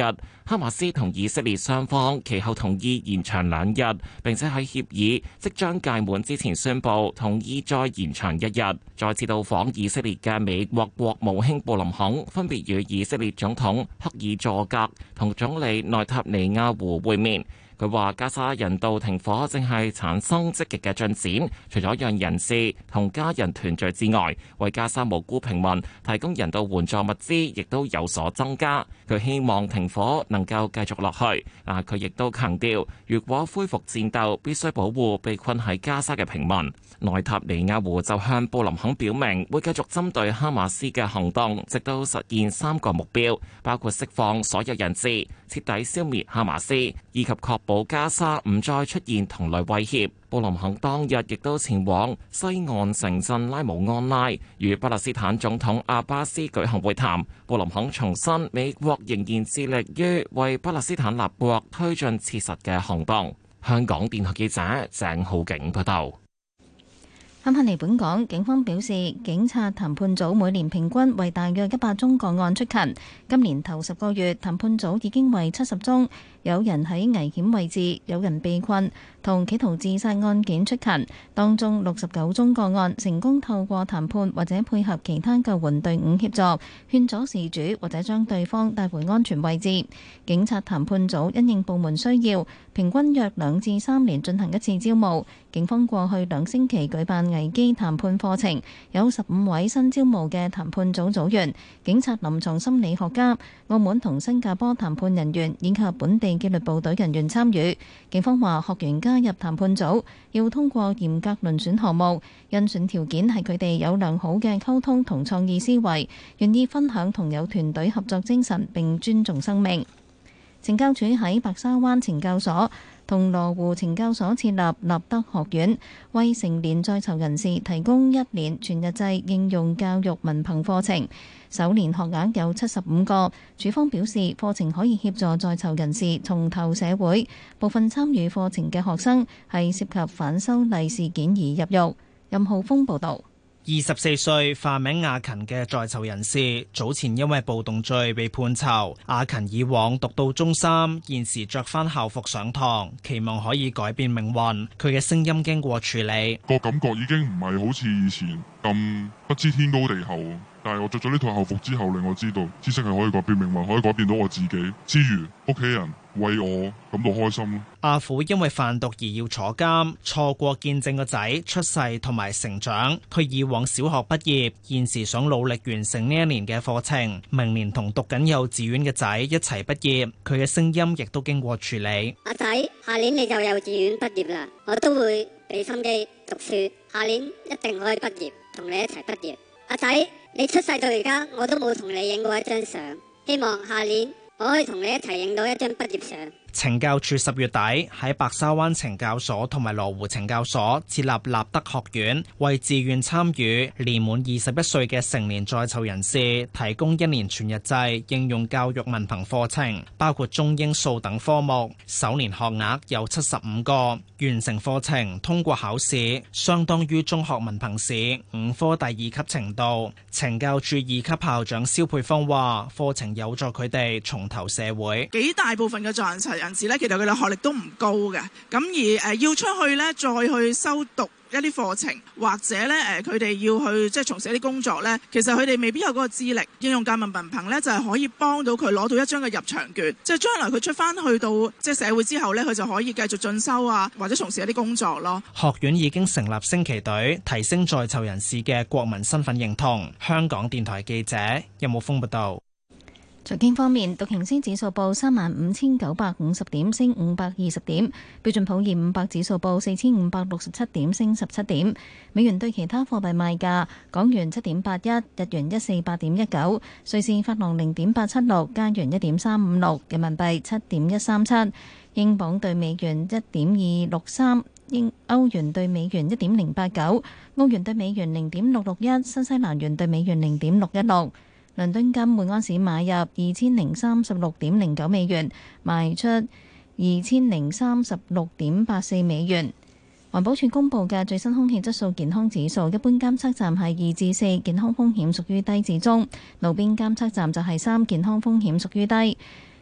哈馬斯同以色列雙方其後同意延長兩日，並且喺協議即將屆滿之前宣布同意再延長一日。再次到訪以色列嘅美國國務卿布林肯分別與以色列總統赫爾佐格同總理內塔尼亞胡會面。佢話加沙人道停火正係產生積極嘅進展，除咗讓人士同家人團聚之外，為加沙無辜平民提供人道援助物資，亦都有所增加。佢希望停火能夠繼續落去。啊，佢亦都強調，如果恢復戰鬥，必須保護被困喺加沙嘅平民。內塔尼亞胡就向布林肯表明，會繼續針對哈馬斯嘅行動，直到實現三個目標，包括釋放所有人質、徹底消滅哈馬斯，以及確保加沙唔再出現同類威脅。布林肯當日亦都前往西岸城鎮拉姆安拉，與巴勒斯坦總統阿巴斯舉行會談。布林肯重申，美國仍然致力於為巴勒斯坦立國推進切實嘅行動。香港電台記者鄭浩景報道。喺本港，警方表示，警察談判組每年平均為大約一百宗個案出勤，今年頭十個月談判組已經為七十宗，有人喺危險位置，有人被困，同企圖自殺案件出勤，當中六十九宗個案成功透過談判或者配合其他救援隊伍協助，勸阻事主或者將對方帶回安全位置。警察談判組因應部門需要，平均約兩至三年進行一次招募。警方過去兩星期舉辦危機談判課程，有十五位新招募嘅談判組組員、警察臨床心理學家、澳門同新加坡談判人員以及本地，紀律部隊人員參與，警方話學員加入談判組，要通過嚴格遴選項目，甄選條件係佢哋有良好嘅溝通同創意思維，願意分享同有團隊合作精神，並尊重生命。懲教署喺白沙灣懲教所同羅湖懲教所設立立德學院，為成年在囚人士提供一年全日制應用教育文憑課程。首年學額有七十五個，署方表示課程可以協助在囚人士重投社會。部分參與課程嘅學生係涉及反修例事件而入獄。任浩峰報導。二十四歲化名阿勤嘅在囚人士，早前因為暴動罪被判囚。阿勤以往讀到中三，現時着翻校服上堂，期望可以改變命運。佢嘅聲音經過處理，個感覺已經唔係好似以前咁不知天高地厚。但係我着咗呢套校服之後，令我知道知識係可以改變命運，可以改變到我自己之餘，屋企人為我感到開心。阿父因為販毒而要坐監，錯過見證個仔出世同埋成長。佢以往小學畢業，現時想努力完成呢一年嘅課程，明年同讀緊幼稚園嘅仔一齊畢業。佢嘅聲音亦都經過處理。阿仔，下年你就幼稚園畢業啦，我都會俾心機讀書，下年一定可以畢業，同你一齊畢業。阿仔。你出世到而家，我都冇同你影過一張相，希望下年我可以同你一齊影到一張畢業相。懲教處十月底喺白沙灣懲教所同埋羅湖懲教所設立立德學院，為自願參與年滿二十一歲嘅成年在囚人士提供一年全日制應用教育文憑課程，包括中英數等科目。首年學額額有七十五個，完成課程通過考試，相當於中學文憑試五科第二級程度。懲教處二級校長蕭佩芳話，課程有助佢哋重投社會。幾大部分嘅在囚人士咧，其實佢哋學歷都唔高嘅，咁而誒要出去咧，再去修讀一啲課程，或者咧誒佢哋要去即係從事一啲工作咧，其實佢哋未必有嗰個資歷。應用教育文憑咧，就係可以幫到佢攞到一張嘅入場券，即係將來佢出翻去到即係社會之後咧，佢就可以繼續進修啊，或者從事一啲工作咯。學院已經成立升旗隊，提升在囚人士嘅國民身份認同。香港電台記者任武峯報道。財經方面，道瓊斯指數報三萬五千九百五十點，升五百二十點；標準普爾五百指數報四千五百六十七點，升十七點。美元對其他貨幣賣價，港元七點八一，日元一四八點一九，瑞士法郎零點八七六，加元一點三五六，人民幣七點一三七，英鎊對美元一點二六三，英歐元對美元一點零八九，澳元對美元零點六六一，新西蘭元對美元零點六一六。倫敦金每安士買入二千零三十六點零九美元，賣出二千零三十六點八四美元。環保署公布嘅最新空氣質素健康指數，一般監測站係二至四，健康風險屬於低至中；路邊監測站就係三，健康風險屬於低。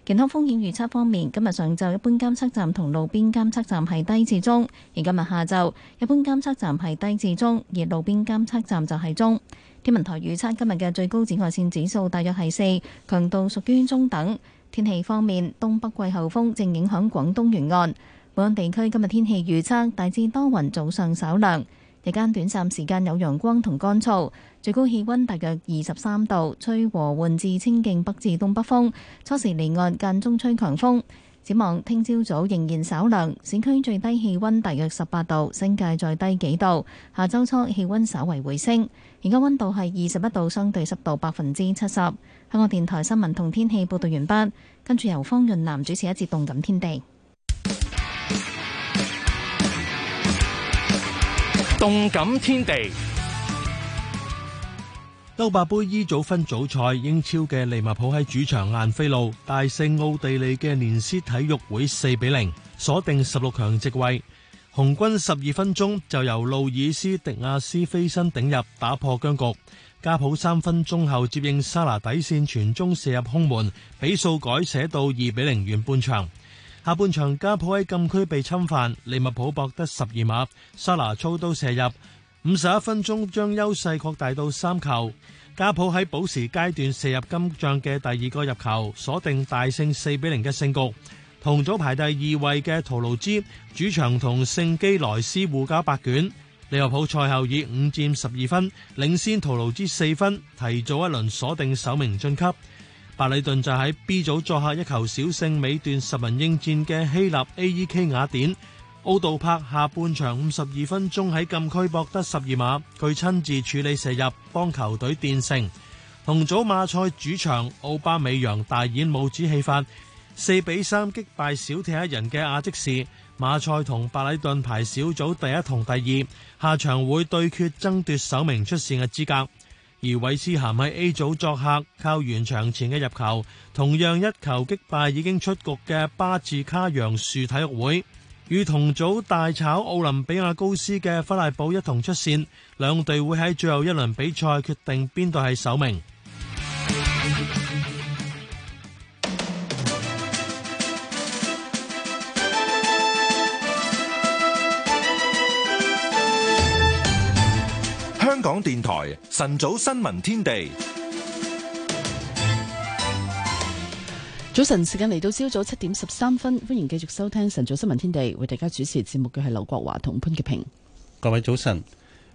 健康風險預測方面，今日上晝一般監測站同路邊監測站係低至中，而今日下晝一般監測站係低至中，而路邊監測站就係中。天文台預測今日嘅最高紫外線指數大約係四，強度屬於中等。天氣方面，東北季候風正影響廣東沿岸。本港地區今日天，天氣預測大致多雲，早上稍涼，日間短暫時間有陽光同乾燥，最高氣溫大約二十三度，吹和緩至清勁北至東北風。初時離岸間中吹強風。展望聽朝早仍然稍涼，市區最低氣溫大約十八度，新界再低幾度。下週初氣溫稍為回升。而家溫度係二十一度，相對濕度百分之七十。香港電台新聞同天氣報道完畢，跟住由方潤南主持一節《動感天地》。《動感天地》歐霸盃 E 組分組賽，英超嘅利物浦喺主場晏菲路大勝奧地利嘅連斯體育會四比零，鎖定十六強席位。紅軍十二分鐘就由路爾斯迪亞斯飛身頂入打破僵局，加普三分鐘後接應沙拿底線傳中射入空門，比數改寫到二比零完半場。下半場加普喺禁區被侵犯，利物浦博得十二碼，沙拿操刀射入。五十一分鐘將優勢擴大到三球，加普喺補時階段射入金像嘅第二個入球，鎖定大勝四比零嘅勝局。同組排第二位嘅圖盧茲主場同聖基萊斯互交白卷，利物浦賽後以五戰十二分領先圖盧茲四分，提早一輪鎖定首名晉級。白禮頓就喺 B 組作客一球小勝，尾段十人應戰嘅希臘 AEK 雅典，奧杜柏下半場五十二分鐘喺禁區博得十二碼，佢親自處理射入，幫球隊奠勝。同組馬賽主場奧巴美揚大演帽子戲法。四比三擊敗少踢一人嘅阿積士，馬賽同白里頓排小組第一同第二，下場會對決爭奪首名出綫嘅資格。而韋斯咸喺 A 組作客，靠完場前嘅入球，同樣一球擊敗已經出局嘅巴治卡楊樹體育會，與同組大炒奧林匹亞高斯嘅弗賴堡一同出綫，兩隊會喺最後一輪比賽決定邊隊係首名。電台晨早新聞天地，早晨時間嚟到朝早七點十三分，歡迎繼續收聽晨早新聞天地，為大家主持節目嘅係劉國華同潘潔平。各位早晨，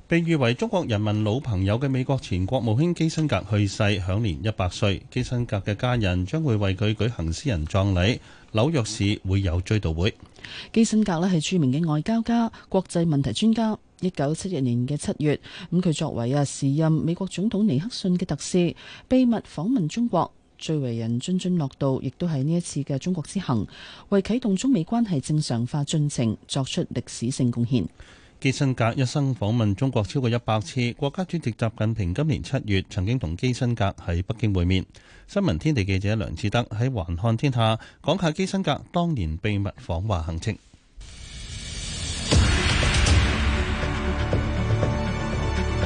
被譽為中國人民老朋友嘅美國前國務卿基辛格去世，享年一百歲。基辛格嘅家人將會為佢舉行私人葬禮，紐約市會有追悼會。基辛格呢係著名嘅外交家、國際問題專家。一九七一年嘅七月，咁佢作為啊時任美國總統尼克遜嘅特使，秘密訪問中國，最為人津津樂道，亦都係呢一次嘅中國之行，為啟動中美關係正常化進程作出歷史性貢獻。基辛格一生訪問中國超過一百次，國家主席習近平今年七月曾經同基辛格喺北京會面。新聞天地記者梁志德喺環看天下講下基辛格當年秘密訪華行程。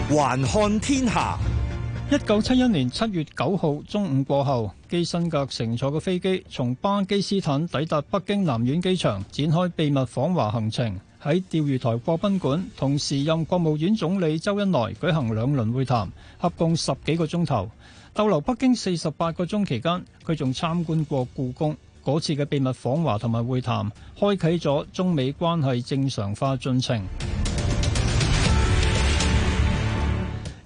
還看天下。一九七一年七月九號中午過後，基辛格乘坐嘅飛機從巴基斯坦抵達北京南苑機場，展開秘密訪華行程。喺釣魚台國賓館，同時任國務院總理周恩來舉行兩輪會談，合共十幾個鐘頭。逗留北京四十八個鐘期間，佢仲參觀過故宮。嗰次嘅秘密訪華同埋會談，開啟咗中美關係正常化進程。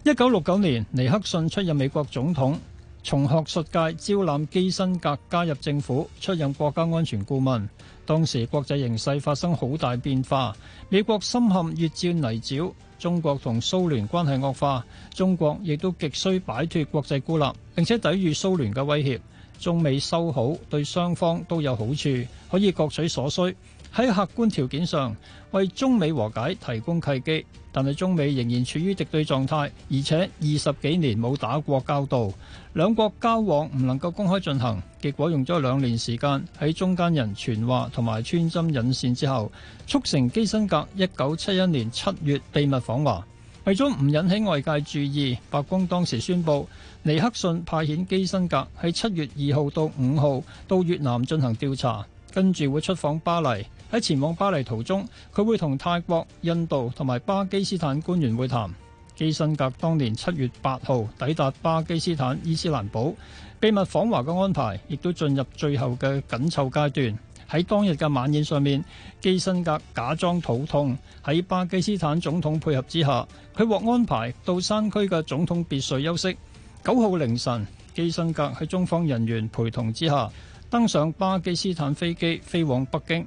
一九六九年，尼克遜出任美國總統，從學術界招攬基辛格加入政府，出任國家安全顧問。當時國際形勢發生好大變化，美國深陷越戰泥沼，中國同蘇聯關係惡化，中國亦都極需擺脫國際孤立，並且抵禦蘇聯嘅威脅。中美修好，對雙方都有好處，可以各取所需。喺客觀條件上，為中美和解提供契機，但係中美仍然處於敵對狀態，而且二十幾年冇打過交道，兩國交往唔能夠公開進行。結果用咗兩年時間，喺中間人傳話同埋穿針引線之後，促成基辛格一九七一年七月秘密訪華。為咗唔引起外界注意，白宮當時宣布，尼克遜派遣基辛格喺七月二號到五號到越南進行調查，跟住會出訪巴黎。喺前往巴黎途中，佢會同泰國、印度同埋巴基斯坦官員會談。基辛格當年七月八號抵達巴基斯坦伊斯蘭堡秘密訪華嘅安排，亦都進入最後嘅緊湊階段。喺當日嘅晚宴上面，基辛格假裝肚痛，喺巴基斯坦總統配合之下，佢獲安排到山區嘅總統別墅休息。九號凌晨，基辛格喺中方人員陪同之下登上巴基斯坦飛機飛往北京。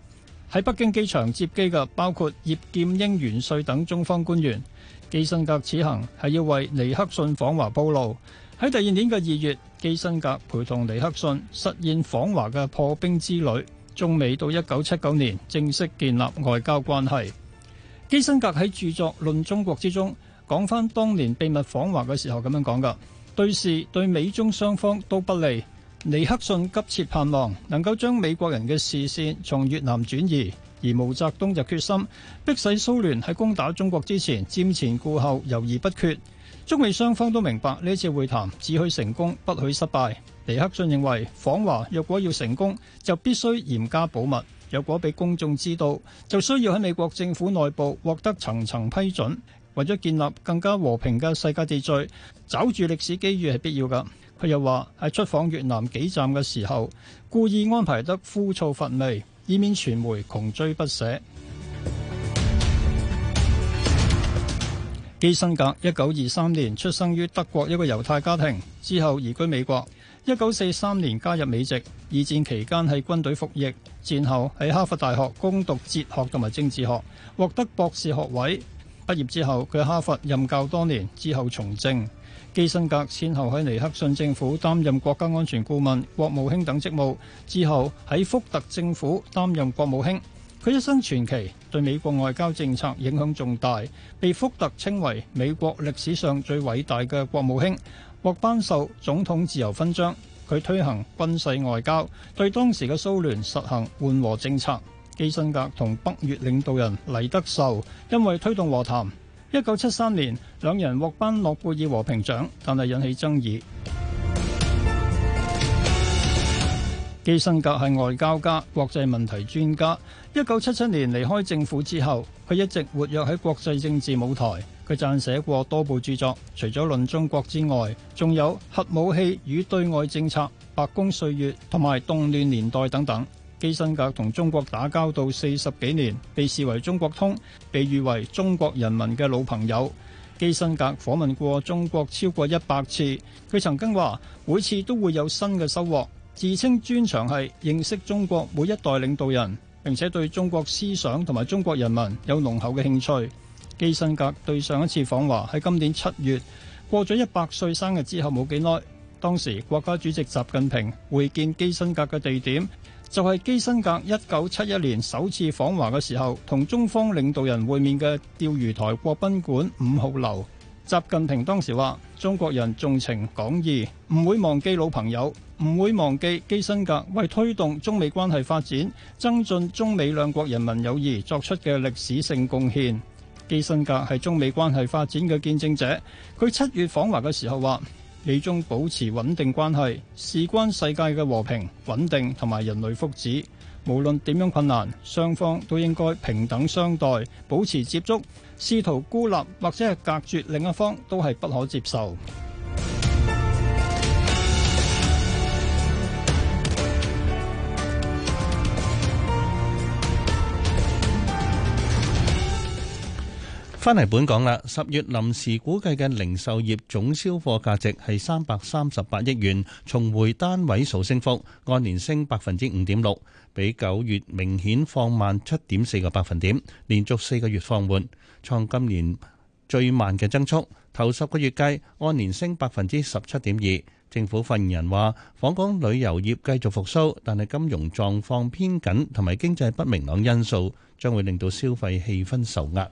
喺北京機場接機嘅包括葉劍英元帥等中方官員。基辛格此行係要為尼克遜訪華鋪路。喺第二年嘅二月，基辛格陪同尼克遜實現訪華嘅破冰之旅，中美到一九七九年正式建立外交關係。基辛格喺著作《論中國》之中講翻當年秘密訪華嘅時候咁樣講㗎，對事對美中雙方都不利。尼克遜急切盼望能夠將美國人嘅視線從越南轉移，而毛澤東就決心迫使蘇聯喺攻打中國之前瞻前顧後，猶豫不決，中美雙方都明白呢次會談只許成功不許失敗。尼克遜認為訪華若果要成功，就必須嚴加保密；若果俾公眾知道，就需要喺美國政府內部獲得層層批准。為咗建立更加和平嘅世界秩序，抓住歷史機遇係必要嘅。佢又話：喺出訪越南幾站嘅時候，故意安排得枯燥乏味，以免傳媒窮追不捨。 基辛格一九二三年出生於德國一個猶太家庭，之後移居美國。一九四三年加入美籍，二戰期間喺軍隊服役，戰後喺哈佛大學攻讀哲學同埋政治學，獲得博士學位。畢業之後，佢喺哈佛任教多年，之後從政。基辛格先後喺尼克遜政府擔任國家安全顧問、國務卿等職務，之後喺福特政府擔任國務卿。佢一生傳奇，對美國外交政策影響重大，被福特稱為美國歷史上最偉大嘅國務卿，獲頒授總統自由勳章。佢推行軍事外交，對當時嘅蘇聯實行緩和政策。基辛格同北越領導人黎德壽，因為推動和談。一九七三年，兩人獲頒諾貝爾和平獎，但係引起爭議。基辛 格係外交家、國際問題專家。一九七七年離開政府之後，佢一直活躍喺國際政治舞台。佢撰寫過多部著作，除咗《論中國》之外，仲有《核武器與對外政策》、《白宮歲月》同埋《動亂年代》等等。基辛格同中國打交道四十幾年，被視為中國通，被譽為中國人民嘅老朋友。基辛格訪問過中國超過一百次，佢曾經話每次都會有新嘅收穫，自稱專長係認識中國每一代領導人，並且對中國思想同埋中國人民有濃厚嘅興趣。基辛格對上一次訪華喺今年七月過咗一百歲生日之後冇幾耐，當時國家主席習近平會見基辛格嘅地點。就係基辛格一九七一年首次訪華嘅時候，同中方領導人會面嘅釣魚台國賓館五號樓。習近平當時話：中國人重情講義，唔會忘記老朋友，唔會忘記基辛格為推動中美關係發展、增進中美兩國人民友誼作出嘅歷史性貢獻。基辛格係中美關係發展嘅見證者，佢七月訪華嘅時候話。始終保持穩定關係，事關世界嘅和平、穩定同埋人類福祉。無論點樣困難，雙方都應該平等相待，保持接觸。試圖孤立或者係隔絕另一方，都係不可接受。翻嚟本港啦。十月臨時估計嘅零售業總銷貨價值係三百三十八億元，重回單位數升幅，按年升百分之五點六，比九月明顯放慢七點四個百分點，連續四個月放緩，創今年最慢嘅增速。頭十個月計，按年升百分之十七點二。政府發言人話，訪港旅遊業繼續復蘇，但係金融狀況偏緊同埋經濟不明朗因素，將會令到消費氣氛受壓。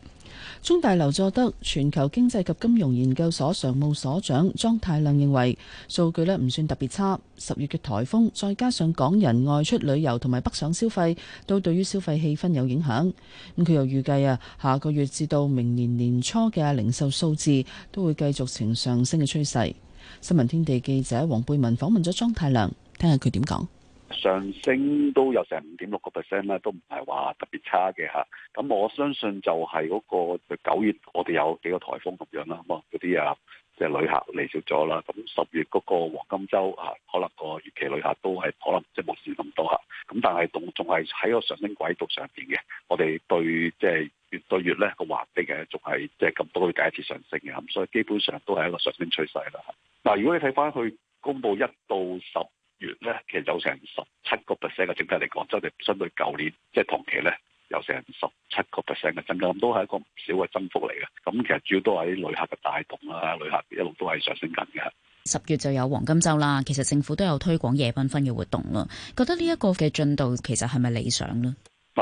中大劉佐德全球經濟及金融研究所常務所長莊太量認為，數據呢唔算特別差。十月嘅台風再加上港人外出旅遊同埋北上消費，都對於消費氣氛有影響。咁、嗯、佢又預計啊，下個月至到明年年初嘅零售數字都會繼續呈上升嘅趨勢。新聞天地記者黃貝文訪問咗莊太量，聽下佢點講。上升都有成五點六個 percent 咧，都唔係話特別差嘅吓。咁我相信就係嗰個九月我哋有幾個台風咁樣啦，咁啊嗰啲啊即係旅客嚟少咗啦。咁十月嗰個黃金周啊，可能個月期旅客都係可能即係冇事咁多吓。咁但係仲仲係喺個上升軌道上邊嘅。我哋對即係月對月咧，個環比嘅，仲係即係咁多啲第一次上升嘅。咁所以基本上都係一個上升趨勢啦。嗱，如果你睇翻去公佈一到十。咧，其實有成十七個 percent 嘅，整體嚟講，相對相對舊年即係同期咧，有成十七個 percent 嘅增長，都係一個唔少嘅增幅嚟嘅。咁其實主要都係旅客嘅帶動啦，旅客一路都係上升緊嘅。十月就有黃金週啦，其實政府都有推廣夜繽紛嘅活動咯，覺得呢一個嘅進度其實係咪理想呢？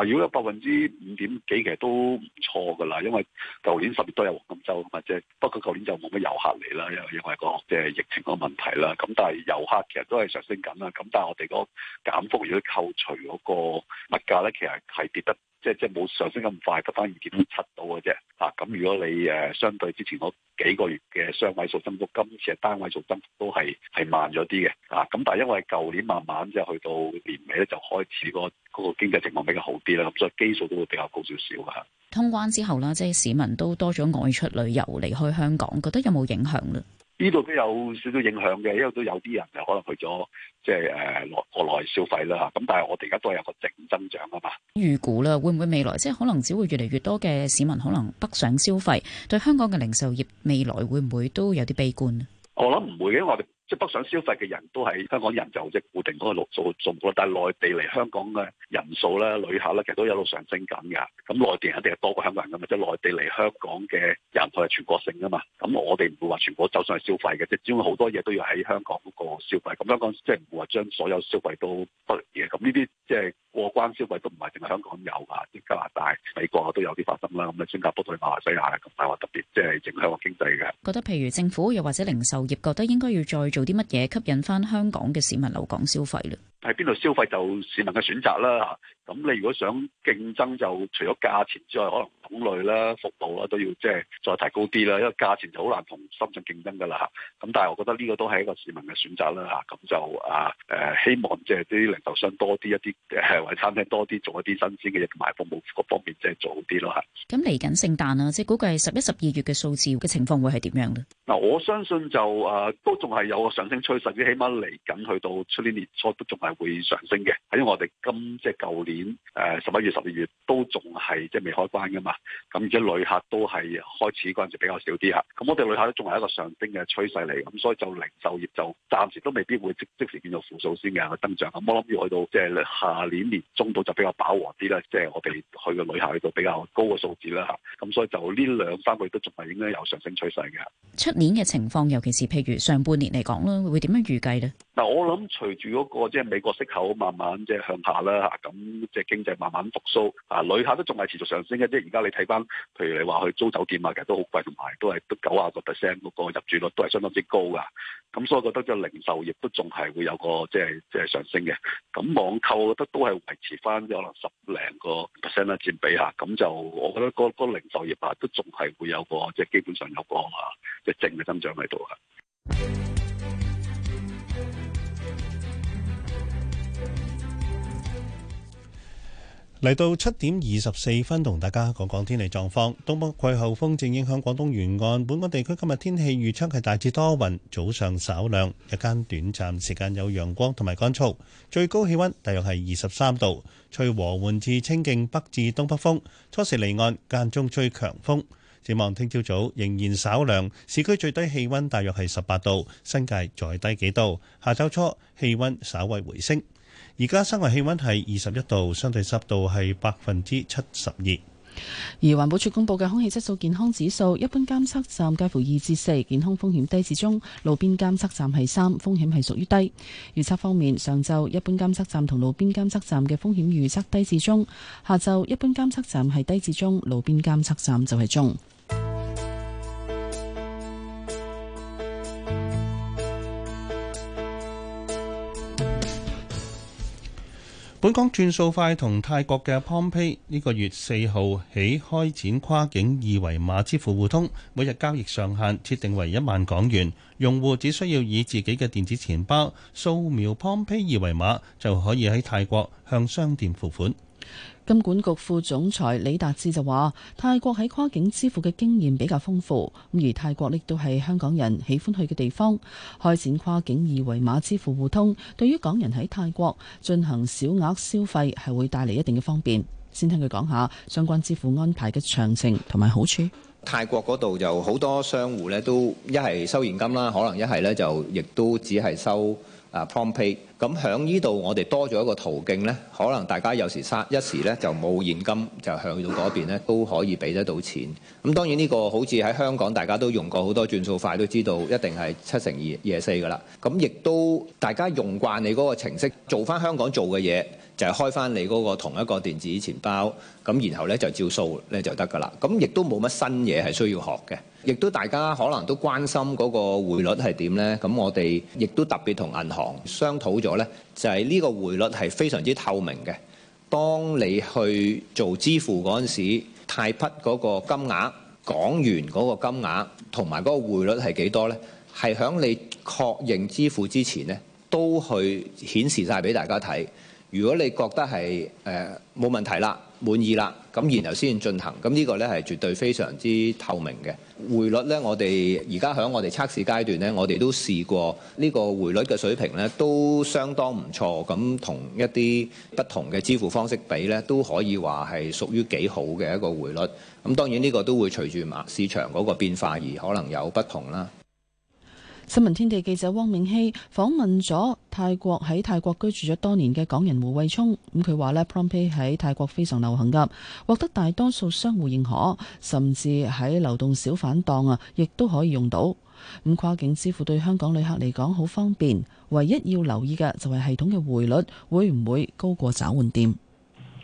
如果有百分之五點幾，其實都唔錯㗎啦，因為舊年十月都有黃金周啊嘛，即係不過舊年就冇乜遊客嚟啦，因為因為個即係疫情個問題啦。咁但係遊客其實都係上升緊啦。咁但係我哋個減幅如果扣除嗰個物價咧，其實係跌得。即係即係冇上升咁快，得翻二點七度嘅啫。啊，咁如果你誒、啊、相對之前嗰幾個月嘅雙位數增幅，今次嘅單位數增幅都係係慢咗啲嘅。啊，咁但係因為舊年慢慢即係去到年尾咧，就開始嗰、嗰、嗰、個嗰個經濟情況比較好啲啦，咁、啊、所以基數都會比較高少少嘅。通關之後啦，即係市民都多咗外出旅遊，離開香港，覺得有冇影響咧？呢度都有少少影響嘅，因為都有啲人就可能去咗即係誒內國內消費啦。咁但係我哋而家都係有個正增長啊嘛。預估啦，會唔會未來即係可能只會越嚟越多嘅市民可能北上消費，對香港嘅零售業未來會唔會都有啲悲觀？我諗唔會嘅，因為我哋。即係北上消費嘅人都係香港人，就即固定嗰個數數數啦。但係內地嚟香港嘅人數咧、旅客咧，其實都一路上升緊㗎。咁內地人一定係多過香港人噶嘛，即係內地嚟香港嘅人係全國性噶嘛。咁我哋唔會話全國走上嚟消費嘅啫，因為好多嘢都要喺香港嗰個消費。咁香港即係唔會話將所有消費都不嚟嘅。咁呢啲即係過關消費都唔係淨係香港有噶，啲加拿大、美國都有啲發生啦。咁啊，新加坡對馬來西亞係唔係話特別即係影響經濟嘅？覺得譬如政府又或者零售業覺得應該要再做啲乜嘢吸引翻香港嘅市民留港消費咧？喺邊度消費就市民嘅選擇啦咁你如果想競爭，就除咗價錢之外，可能種類啦、服務啦，都要即係再提高啲啦。因為價錢就好難同深圳競爭噶啦嚇。咁但係我覺得呢個都係一個市民嘅選擇啦嚇。咁就啊誒、啊，希望即係啲零售商多啲一啲誒，或者餐廳多啲做一啲新鮮嘅嘢同埋服務各方面，即係做好啲咯嚇。咁嚟緊聖誕啊，即係估計十一、十二月嘅數字嘅情況會係點樣呢？嗱、啊，我相信就誒都仲係有個上升趨勢，至少起碼嚟緊去到出年年初都仲係會上升嘅，喺我哋今即係舊年。誒，十一、嗯、月、十二月都仲係即係未開關噶嘛？咁、呃、而且旅客都係開始嗰陣時比較少啲吓，咁、嗯、我哋旅客都仲係一個上升嘅趨勢嚟，咁、啊、所以就零售業就暫時都未必會即即時變做負數先嘅增長。咁我諗要去到即係下年年中度就比較飽和啲啦，即、就、係、是、我哋去嘅旅客去到比較高嘅數字啦吓。咁、啊、所以就呢兩三個月都仲係應該有上升趨勢嘅。出年嘅情況，尤其是譬如上半年嚟講啦，會點樣預計咧？嗱、呃，我諗隨住嗰個即係美國息口慢慢即係向下啦吓，咁。即係經濟慢慢復甦，啊、呃、旅客都仲係持續上升嘅，即係而家你睇翻，譬如你話去租酒店啊，其實都好貴，同埋都係都九啊個 percent 個個入住率都係相當之高噶，咁所以我覺得即係零售業都仲係會有個即係即係上升嘅，咁網購我覺得都係維持翻有可能十零個 percent 啦佔比嚇，咁就我覺得嗰、嗰、嗰、個嗰個、零售業啊都仲係會有個即係基本上有個啊即係正嘅增長喺度啊。嚟到七點二十四分，同大家講講天氣狀況。東北季候風正影響廣東沿岸，本港地區今日天氣預測係大致多雲，早上稍涼，日間短暫時間有陽光同埋乾燥，最高氣温大約係二十三度，吹和緩至清勁北至東北風，初時離岸間中吹強風。展望聽朝早仍然稍涼，市區最低氣温大約係十八度，新界再低幾度。下週初氣温稍為回升。而家室外氣溫係二十一度，相對濕度係百分之七十二。而環保署公布嘅空氣質素健康指數，一般監測站介乎二至四，健康風險低至中；路邊監測站係三，風險係屬於低。預測方面，上晝一般監測站同路邊監測站嘅風險預測低至中；下晝一般監測站係低至中，路邊監測站就係中。本港轉數快同泰國嘅 PromptPay 呢個月四號起開展跨境二維碼支付互通，每日交易上限設定為一萬港元，用戶只需要以自己嘅電子錢包掃描 PromptPay 二維碼，就可以喺泰國向商店付款。金管局副總裁李達志就話，泰國喺跨境支付嘅經驗比較豐富，咁而泰國亦都係香港人喜歡去嘅地方，開展跨境二維碼支付互通，對於港人喺泰國進行小額消費係會帶嚟一定嘅方便。先聽佢講下相關支付安排嘅詳情同埋好處。泰國嗰度就好多商戶咧都一係收現金啦，可能一係呢就亦都只係收啊 PromptPay。咁響呢度，我哋多咗一個途徑咧，可能大家有時三一時咧就冇現金，就向到嗰邊咧都可以俾得到錢，咁當然呢、這個好似喺香港，大家都用過好多轉數快，都知道一定係七乘二二四㗎啦。咁亦都大家用慣你嗰個程式，做翻香港做嘅嘢，就係、是、開翻你嗰個同一個電子錢包，咁然後咧就照數咧就得㗎啦。咁亦都冇乜新嘢係需要學嘅，亦都大家可能都關心嗰個匯率係點咧。咁我哋亦都特別同銀行商討咗。咧就係呢個匯率係非常之透明嘅。當你去做支付嗰陣時，泰幣嗰個金額、港元嗰個金額同埋嗰個匯率係幾多咧？係喺你確認支付之前咧，都去顯示晒俾大家睇。如果你覺得係誒冇問題啦。滿意啦，咁然後先進行，咁呢個呢係絕對非常之透明嘅匯率呢。我哋而家喺我哋測試階段呢，我哋都試過呢個匯率嘅水平呢都相當唔錯。咁同一啲不同嘅支付方式比呢，都可以話係屬於幾好嘅一個匯率。咁當然呢個都會隨住市場嗰個變化而可能有不同啦。新聞天地記者汪明熙，訪問咗泰國，喺泰國居住咗多年嘅港人胡慧聰，咁佢話呢 PromptPay 喺泰國非常流行噶，獲得大多數商戶認可，甚至喺流動小販檔啊，亦都可以用到。咁跨境支付對香港旅客嚟講好方便，唯一要留意嘅就係系統嘅匯率會唔會高過找換店。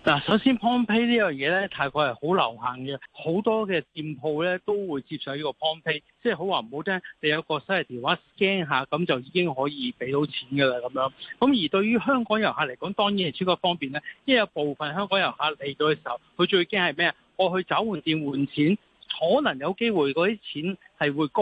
嗱，首先 pay 呢樣嘢咧，泰國係好流行嘅，好多嘅店鋪咧都會接受呢個 pay，即係好話唔好聽，你有個手機電話 scan 下，咁就已經可以俾到錢嘅啦咁樣。咁而對於香港遊客嚟講，當然係超級方便咧，因為有部分香港遊客嚟到嘅時候，佢最驚係咩啊？我去找換店換錢，可能有機會嗰啲錢係會高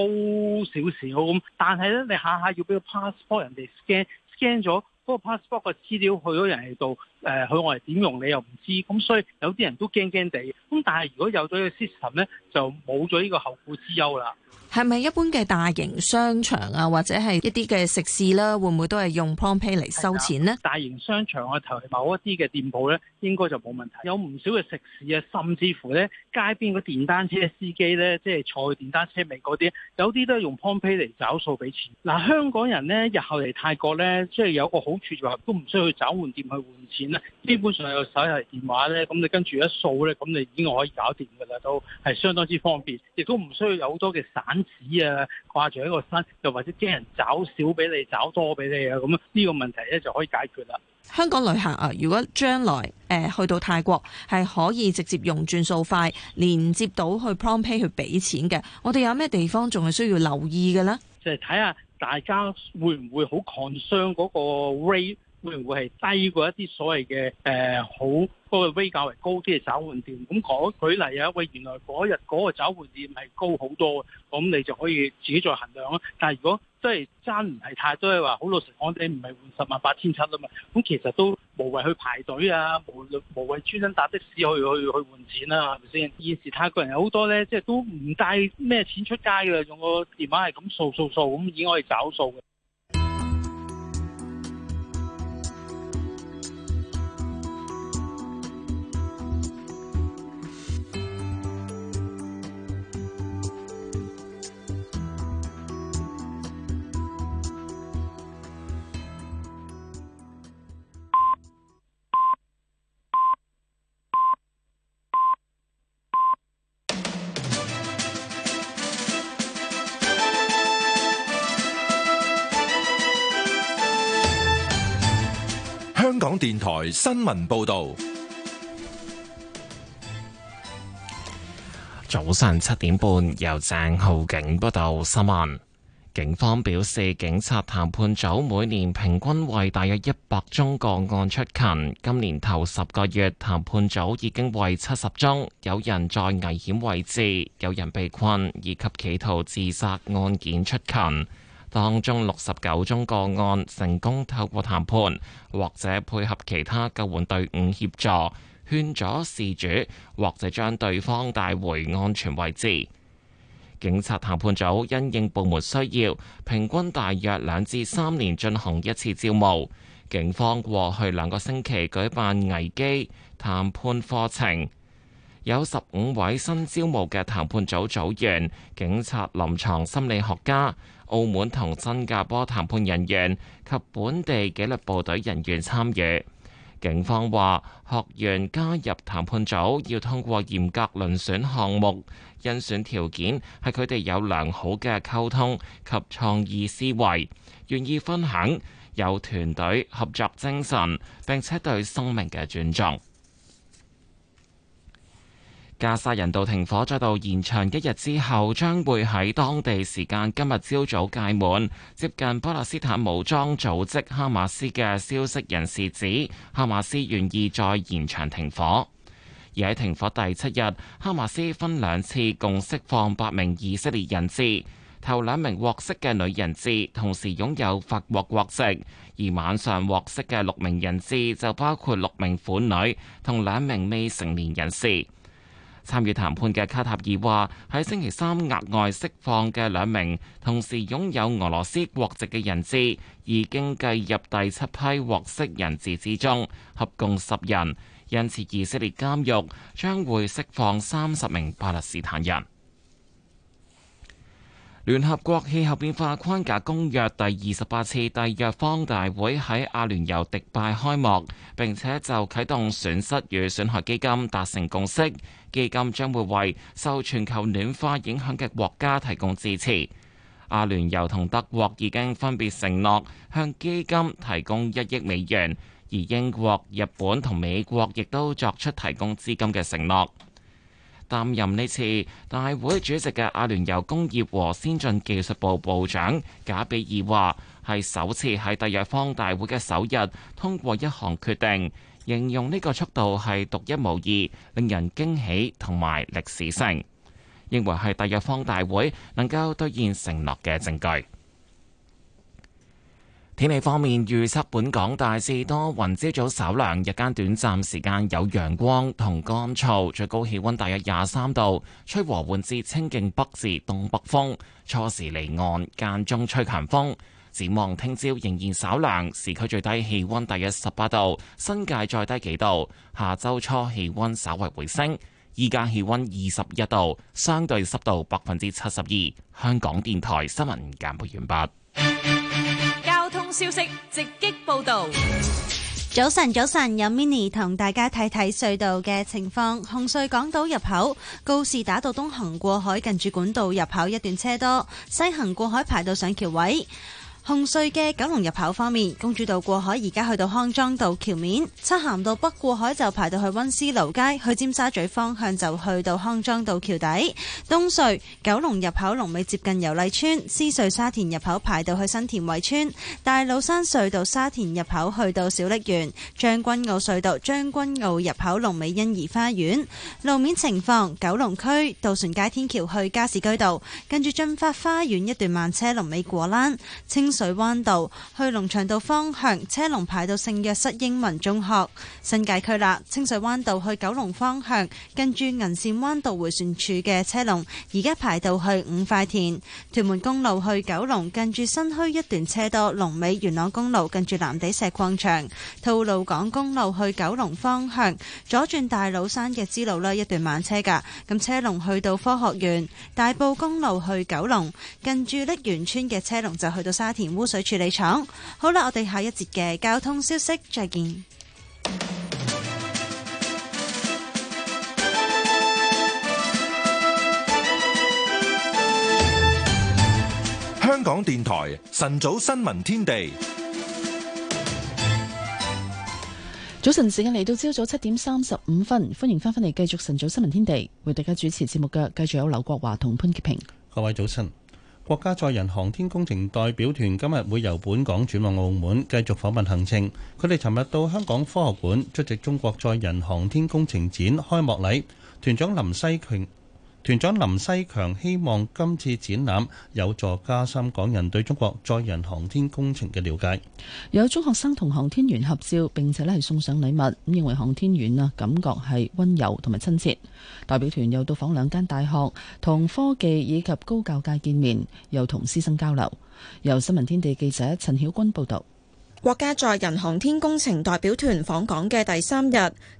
少少咁，但係咧，你下下要俾個 passport 人哋 scan scan 咗。嗰個 passport 嘅資料去咗人哋度，誒、呃、去外邊點用你又唔知，咁所以有啲人都驚驚哋。咁但係如果有咗個 system 咧，就冇咗呢個後顧之憂啦。係咪一般嘅大型商場啊，或者係一啲嘅食肆啦，會唔會都係用 PromptPay 嚟收錢呢？大型商場啊，頭，某一啲嘅店鋪咧，應該就冇問題。有唔少嘅食肆啊，甚至乎咧，街邊個電單車司機咧，即係坐電單車尾嗰啲，有啲都係用 PromptPay 嚟找數俾錢。嗱，香港人咧，日後嚟泰國咧，即係有個好處就話，都唔需要去找換店去換錢啦。基本上有手提電話咧，咁你跟住一掃咧，咁你已經可以搞掂噶啦，都係相當之方便，亦都唔需要有好多嘅散紙啊，掛住喺個身，又或者驚人找少俾你，找多俾你啊！咁呢個問題咧就可以解決啦。香港旅客啊，如果將來誒、呃、去到泰國係可以直接用轉數快連接到去 PromptPay 去俾錢嘅，我哋有咩地方仲係需要留意嘅咧？就係睇下大家會唔會好 concern 嗰個 rate。會唔會係低過一啲所謂嘅誒、呃、好嗰、那個威較為高啲嘅找換店？咁、那、嗰、個、舉例呀，喂，原來嗰日嗰個找換店係高好多，咁你就可以自己再衡量咯。但係如果真係爭唔係太多嘅話，好老實講，你唔係換十萬八千七啊嘛，咁其實都無謂去排隊啊，無無謂專登搭的士去去去換錢啦，啊，係咪先？現時泰國人有好多咧，即係都唔帶咩錢出街嘅啦，用個電話係咁掃掃掃咁已經可以找數嘅。電台新聞報道，早晨七點半，由鄭浩景報道新聞。警方表示，警察談判組每年平均為大約一百宗個案出勤，今年頭十個月談判組已經為七十宗，有人在危險位置，有人被困，以及企圖自殺案件出勤。當中六十九宗個案成功透過談判或者配合其他救援隊伍協助勸阻事主，或者將對方帶回安全位置。警察談判組因應部門需要，平均大約兩至三年進行一次招募。警方過去兩個星期舉辦危機談判課程，有十五位新招募嘅談判組組員，警察臨牀心理學家、澳門同新加坡談判人員及本地紀律部隊人員參與。警方話，學員加入談判組要通過嚴格輪選項目，甄選條件係佢哋有良好嘅溝通及創意思維，願意分享，有團隊合作精神，並且對生命嘅尊重。加沙人道停火再度延長一日之後，將會喺當地時間今日朝早屆滿。接近巴勒斯坦武裝組織哈馬斯嘅消息人士指，哈馬斯願意再延長停火。而喺停火第七日，哈馬斯分兩次共釋放八名以色列人質，頭兩名獲釋嘅女人質同時擁有法國國籍，而晚上獲釋嘅六名人質就包括六名婦女同兩名未成年人士。參與談判嘅卡塔爾話，喺星期三額外釋放嘅兩名同時擁有俄羅斯國籍嘅人質，已經計入第七批獲釋人質之中，合共十人。因此，以色列監獄將會釋放三十名巴勒斯坦人。聯合國氣候變化框架公約第二十八次締約方大會喺阿聯酋迪拜開幕，並且就啟動損失與損害基金達成共識。基金將會為受全球暖化影響嘅國家提供支持。阿聯酋同德國已經分別承諾向基金提供一億美元，而英國、日本同美國亦都作出提供資金嘅承諾。擔任呢次大會主席嘅阿聯酋工業和先進技術部部長賈比爾話，係首次喺締約方大會嘅首日通過一項決定，形容呢個速度係獨一無二，令人驚喜同埋歷史性，認為係締約方大會能夠兌現承諾嘅證據。天氣方面，預測本港大致多雲，朝早，早稍涼，日間短暫時間有陽光同乾燥，最高氣温大約廿三度，吹和緩至清勁北至東北風，初時離岸，間中吹強風。展望聽朝仍然稍涼，市區最低氣溫大約十八度，新界再低幾度。下周初氣溫稍為回升，依家氣溫二十一度，相對濕度百分之七十二。香港電台新聞簡報完畢。 消息直擊報道。早晨，早晨，有 Mini 同大家睇睇隧道嘅情況。紅隧港島入口、告士打道東行過海近住管道入口一段車多，西行過海排到上橋位。紅隧嘅九龍入口方面，公主道過海而家去到康莊道橋面；漆咸道北過海就排到去溫思勞街；去尖沙咀方向就去到康莊道橋底。東隧九龍入口龍尾接近油麗邨；獅隧沙田入口排到去新田圍村；大老山隧道沙田入口去到小瀝源；將軍澳隧道將軍澳入口龍尾欣怡花園。路面情況，九龍區渡船街天橋去加士居道，跟住駿發花園一段慢車龍尾果欄。清清水灣道去龍翔道方向，車龍排到聖若瑟英文中學。新界區啦。清水灣道去九龍方向，近住銀線灣道回旋處嘅車龍，而家排到去五塊田。屯門公路去九龍，近住新墟一段車多，龍尾元朗公路近住藍地石礦場。套路港吐露港公路去九龍方向，左轉大老山嘅支路呢一段慢車㗎。咁車龍去到科學園。大埔公路去九龍，近住瀝源村嘅車龍就去到沙田污水處理廠，好啦，我哋下一節嘅交通消息再見。香港電台晨早新聞天地，早晨時間嚟到朝早七點三十五分，歡迎翻返嚟繼續晨早新聞天地，為大家主持節目嘅繼續有劉國華同潘潔平，各位早晨。國家載人航天工程代表團今日會由本港轉往澳門，繼續訪問行程。佢哋尋日到香港科學館出席中國載人航天工程展開幕禮，團長林西強。團長林西強希望今次展覽有助加深港人對中國載人航天工程嘅了解。有中學生同航天員合照，並且呢係送上禮物，咁認為航天員啊感覺係溫柔同埋親切。代表團又到訪兩間大學，同科技以及高教界見面，又同師生交流。由新聞天地記者陳曉君報道。國家載人航天工程代表團訪港嘅第三日，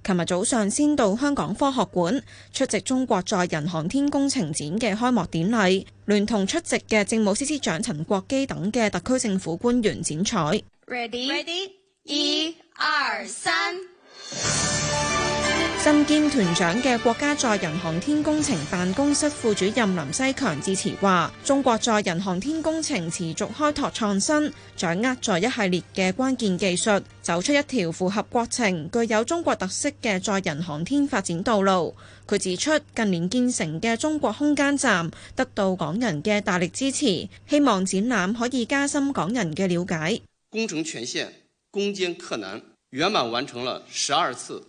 琴日早上先到香港科學館出席中國載人航天工程展嘅開幕典禮，聯同出席嘅政務司司長陳國基等嘅特區政府官員剪彩。Ready，ready，一、二、三。身兼團長嘅國家載人航天工程辦公室副主任林西強致辭話，中國載人航天工程持續開拓創新，掌握咗一系列嘅關鍵技術，走出一條符合國情、具有中國特色嘅載人航天發展道路。佢指出，近年建成嘅中國空間站得到港人嘅大力支持，希望展覽可以加深港人嘅了解。工程全線攻堅克難，圓滿完成了十二次。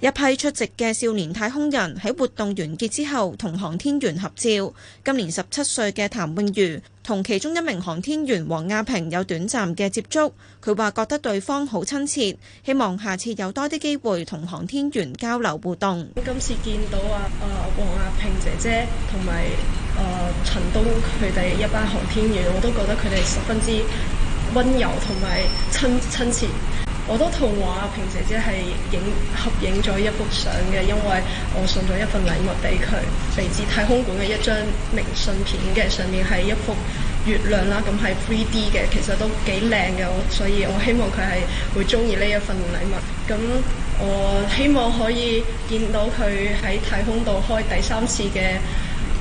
一批出席嘅少年太空人喺活動完結之後同航天員合照。今年十七歲嘅譚詠如同其中一名航天員王亞平有短暫嘅接觸，佢話覺得對方好親切，希望下次有多啲機會同航天員交流互動。今次見到啊啊王亞平姐姐同埋啊陳冬佢哋一班航天員，我都覺得佢哋十分之溫柔同埋親親，親切。我都同王亞平姐姐係影合影咗一幅相嘅，因為我送咗一份禮物俾佢，嚟自太空館嘅一張明信片嘅，上面係一幅月亮啦，咁係 three D 嘅，其實都幾靚嘅，所以我希望佢係會中意呢一份禮物，咁我希望可以見到佢喺太空度開第三次嘅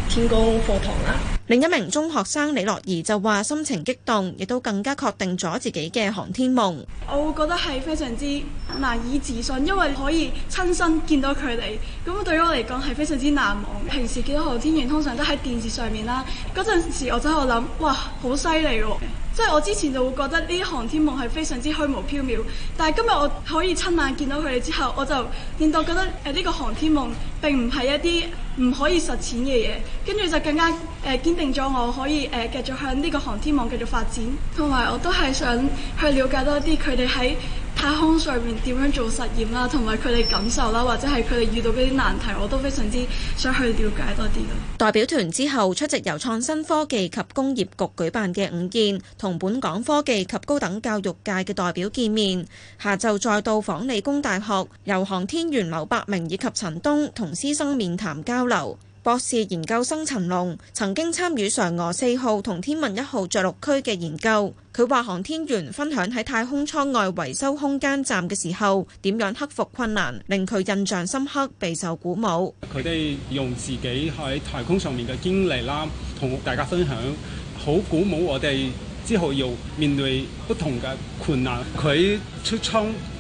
天宮課堂啦。另一名中學生李樂怡就話：心情激動，亦都更加確定咗自己嘅航天夢。我會覺得係非常之難以置信，因為可以親身見到佢哋，咁對於我嚟講係非常之難忘。平時見到航天員通常都喺電視上面啦，嗰陣時我就喺度諗，哇，好犀利喎！即係我之前就會覺得呢啲航天夢係非常之虛無縹緲，但係今日我可以親眼見到佢哋之後，我就令到覺得誒呢個航天夢並唔係一啲唔可以實踐嘅嘢，跟住就更加誒堅定咗我可以誒繼續向呢個航天夢繼續發展，同埋我都係想去了解多啲佢哋喺太空上面點樣做實驗啦，同埋佢哋感受啦，或者係佢哋遇到嗰啲難題，我都非常之想去了解多啲咯。代表團之後出席由創新科技及工業局舉辦嘅午宴，同本港科技及高等教育界嘅代表見面。下晝再到訪理工大學，由航天員劉伯明以及陳冬同師生面談交流。博士研究生陳龍，曾經參與嫦娥四號同天問一號着陸區的研究。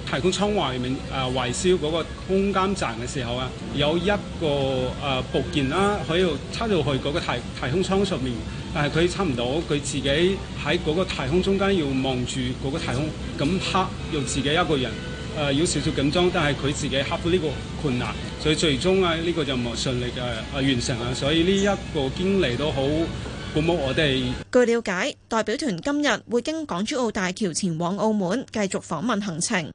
太空艙外面啊，維修嗰個空間站嘅時候啊，有一個啊部件啦，喺度插入去嗰個太太空艙上面，但係佢插唔到，佢自己喺嗰個太空中間要望住嗰個太空，咁黑又自己一個人誒，要少少緊張，但係佢自己克服呢個困難，所以最終啊呢個任務順利嘅誒完成啊。所以呢一個經歷都好鼓舞我哋。據了解，代表團今日會經港珠澳大橋前往澳門，繼續訪問行程。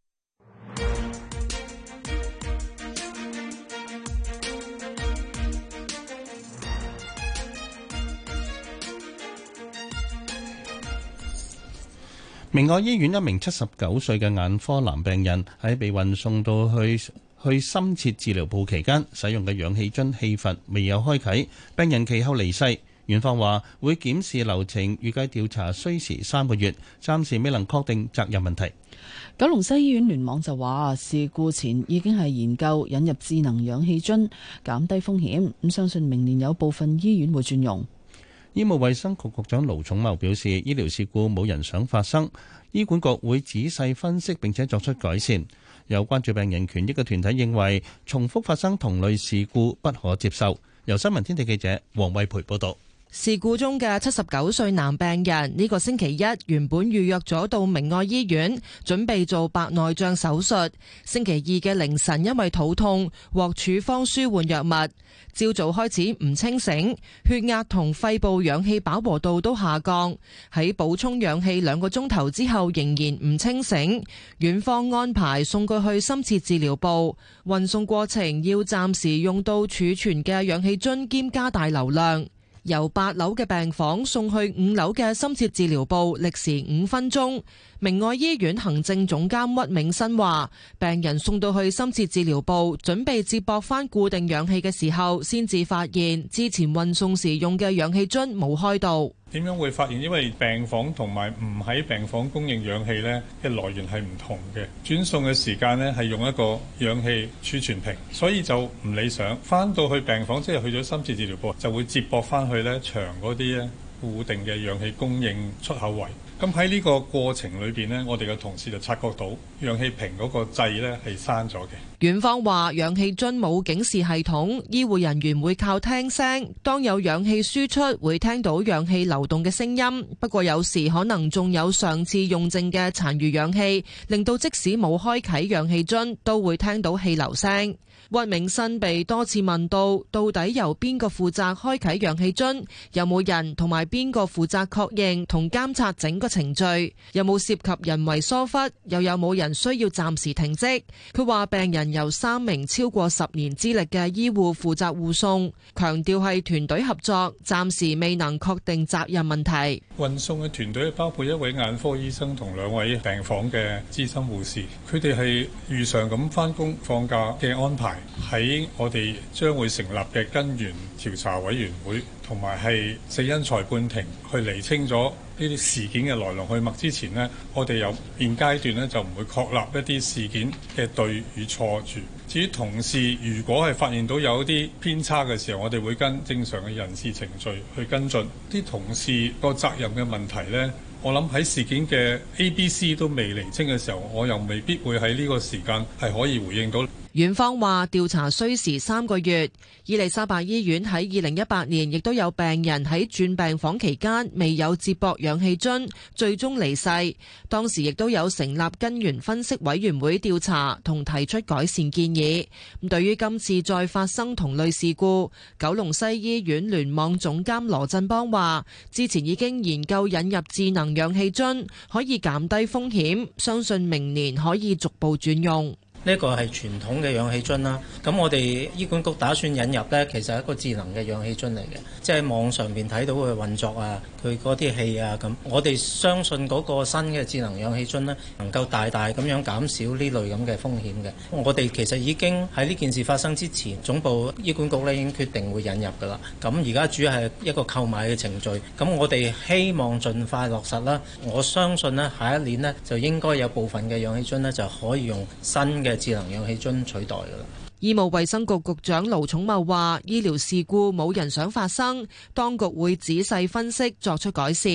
明愛醫院一名七十九歲嘅眼科男病人喺被運送到去去深切治療部期間，使用嘅氧氣樽氣閥未有開啟，病人其後離世。院方話會檢視流程，預計調查需時三個月，暫時未能確定責任問題。九龍西醫院聯網就話，事故前已經係研究引入智能氧氣樽，減低風險。咁相信明年有部分醫院會轉用。醫務衛生局局長盧寵茂表示，醫療事故冇人想發生，醫管局會仔細分析並且作出改善。有關注病人權益嘅團體認為，重複發生同類事故不可接受。由新聞天地記者王惠培報道。事故中嘅七十九歲男病人呢個星期一原本預約咗到明愛醫院準備做白內障手術，星期二嘅凌晨因為肚痛獲處方舒緩藥物。朝早開始唔清醒，血壓同肺部氧氣飽和度都下降。喺補充氧氣兩個鐘頭之後仍然唔清醒，院方安排送佢去深切治療部。運送過程要暫時用到儲存嘅氧氣樽兼加大流量。由八樓嘅病房送去五樓嘅深切治療部，歷時五分鐘。明愛醫院行政總監屈銘新話：病人送到去深切治療部，準備接駁翻固定氧氣嘅時候，先至發現之前運送時用嘅氧氣樽冇開到。點樣會發現？因為病房同埋唔喺病房供應氧氣呢，嘅來源係唔同嘅，轉送嘅時間呢，係用一個氧氣儲存瓶，所以就唔理想。翻到去病房即係去咗深切治療部，就會接駁翻去呢牆嗰啲咧固定嘅氧氣供應出口位。咁喺呢個過程裏邊呢，我哋嘅同事就察覺到氧氣瓶嗰個掣呢係閂咗嘅。院方話氧氣樽冇警示系統，醫護人員會靠聽聲。當有氧氣輸出，會聽到氧氣流動嘅聲音。不過有時可能仲有上次用剩嘅殘餘氧氣，令到即使冇開啓氧氣樽，都會聽到氣流聲。屈明新被多次問到，到底由邊個負責開啟氧氣樽，有冇人同埋邊個負責確認同監察整個程序，有冇涉及人為疏忽，又有冇人需要暫時停職？佢話病人由三名超過十年資歷嘅醫護負責護送，強調係團隊合作，暫時未能確定責任問題。運送嘅團隊包括一位眼科醫生同兩位病房嘅資深護士，佢哋係如常咁返工放假嘅安排。喺我哋將會成立嘅根源調查委員會，同埋係死因裁判庭去釐清咗呢啲事件嘅來龍去脈之前呢，我哋有現階段呢，就唔會確立一啲事件嘅對與錯處。至於同事，如果係發現到有一啲偏差嘅時候，我哋會跟正常嘅人事程序去跟進啲同事個責任嘅問題呢，我諗喺事件嘅 A、B、C 都未釐清嘅時候，我又未必會喺呢個時間係可以回應到。院方話調查需時三個月。伊利沙伯醫院喺二零一八年亦都有病人喺轉病房期間未有接駁氧氣樽，最終離世。當時亦都有成立根源分析委員會調查同提出改善建議。咁對於今次再發生同類事故，九龍西醫院聯網總監羅振邦話：之前已經研究引入智能氧氣樽，可以減低風險，相信明年可以逐步轉用。呢個係傳統嘅氧氣樽啦，咁我哋醫管局打算引入咧，其實係一個智能嘅氧氣樽嚟嘅，即係網上面睇到佢運作啊，佢嗰啲氣啊咁。我哋相信嗰個新嘅智能氧氣樽咧，能夠大大咁樣減少呢類咁嘅風險嘅。我哋其實已經喺呢件事發生之前，總部醫管局咧已經決定會引入噶啦。咁而家主要係一個購買嘅程序，咁我哋希望盡快落實啦。我相信咧，下一年咧就應該有部分嘅氧氣樽咧就可以用新嘅。係智能氧氣樽取代噶啦。醫務衛生局局長盧寵茂話，醫療事故冇人想發生，當局會仔細分析，作出改善。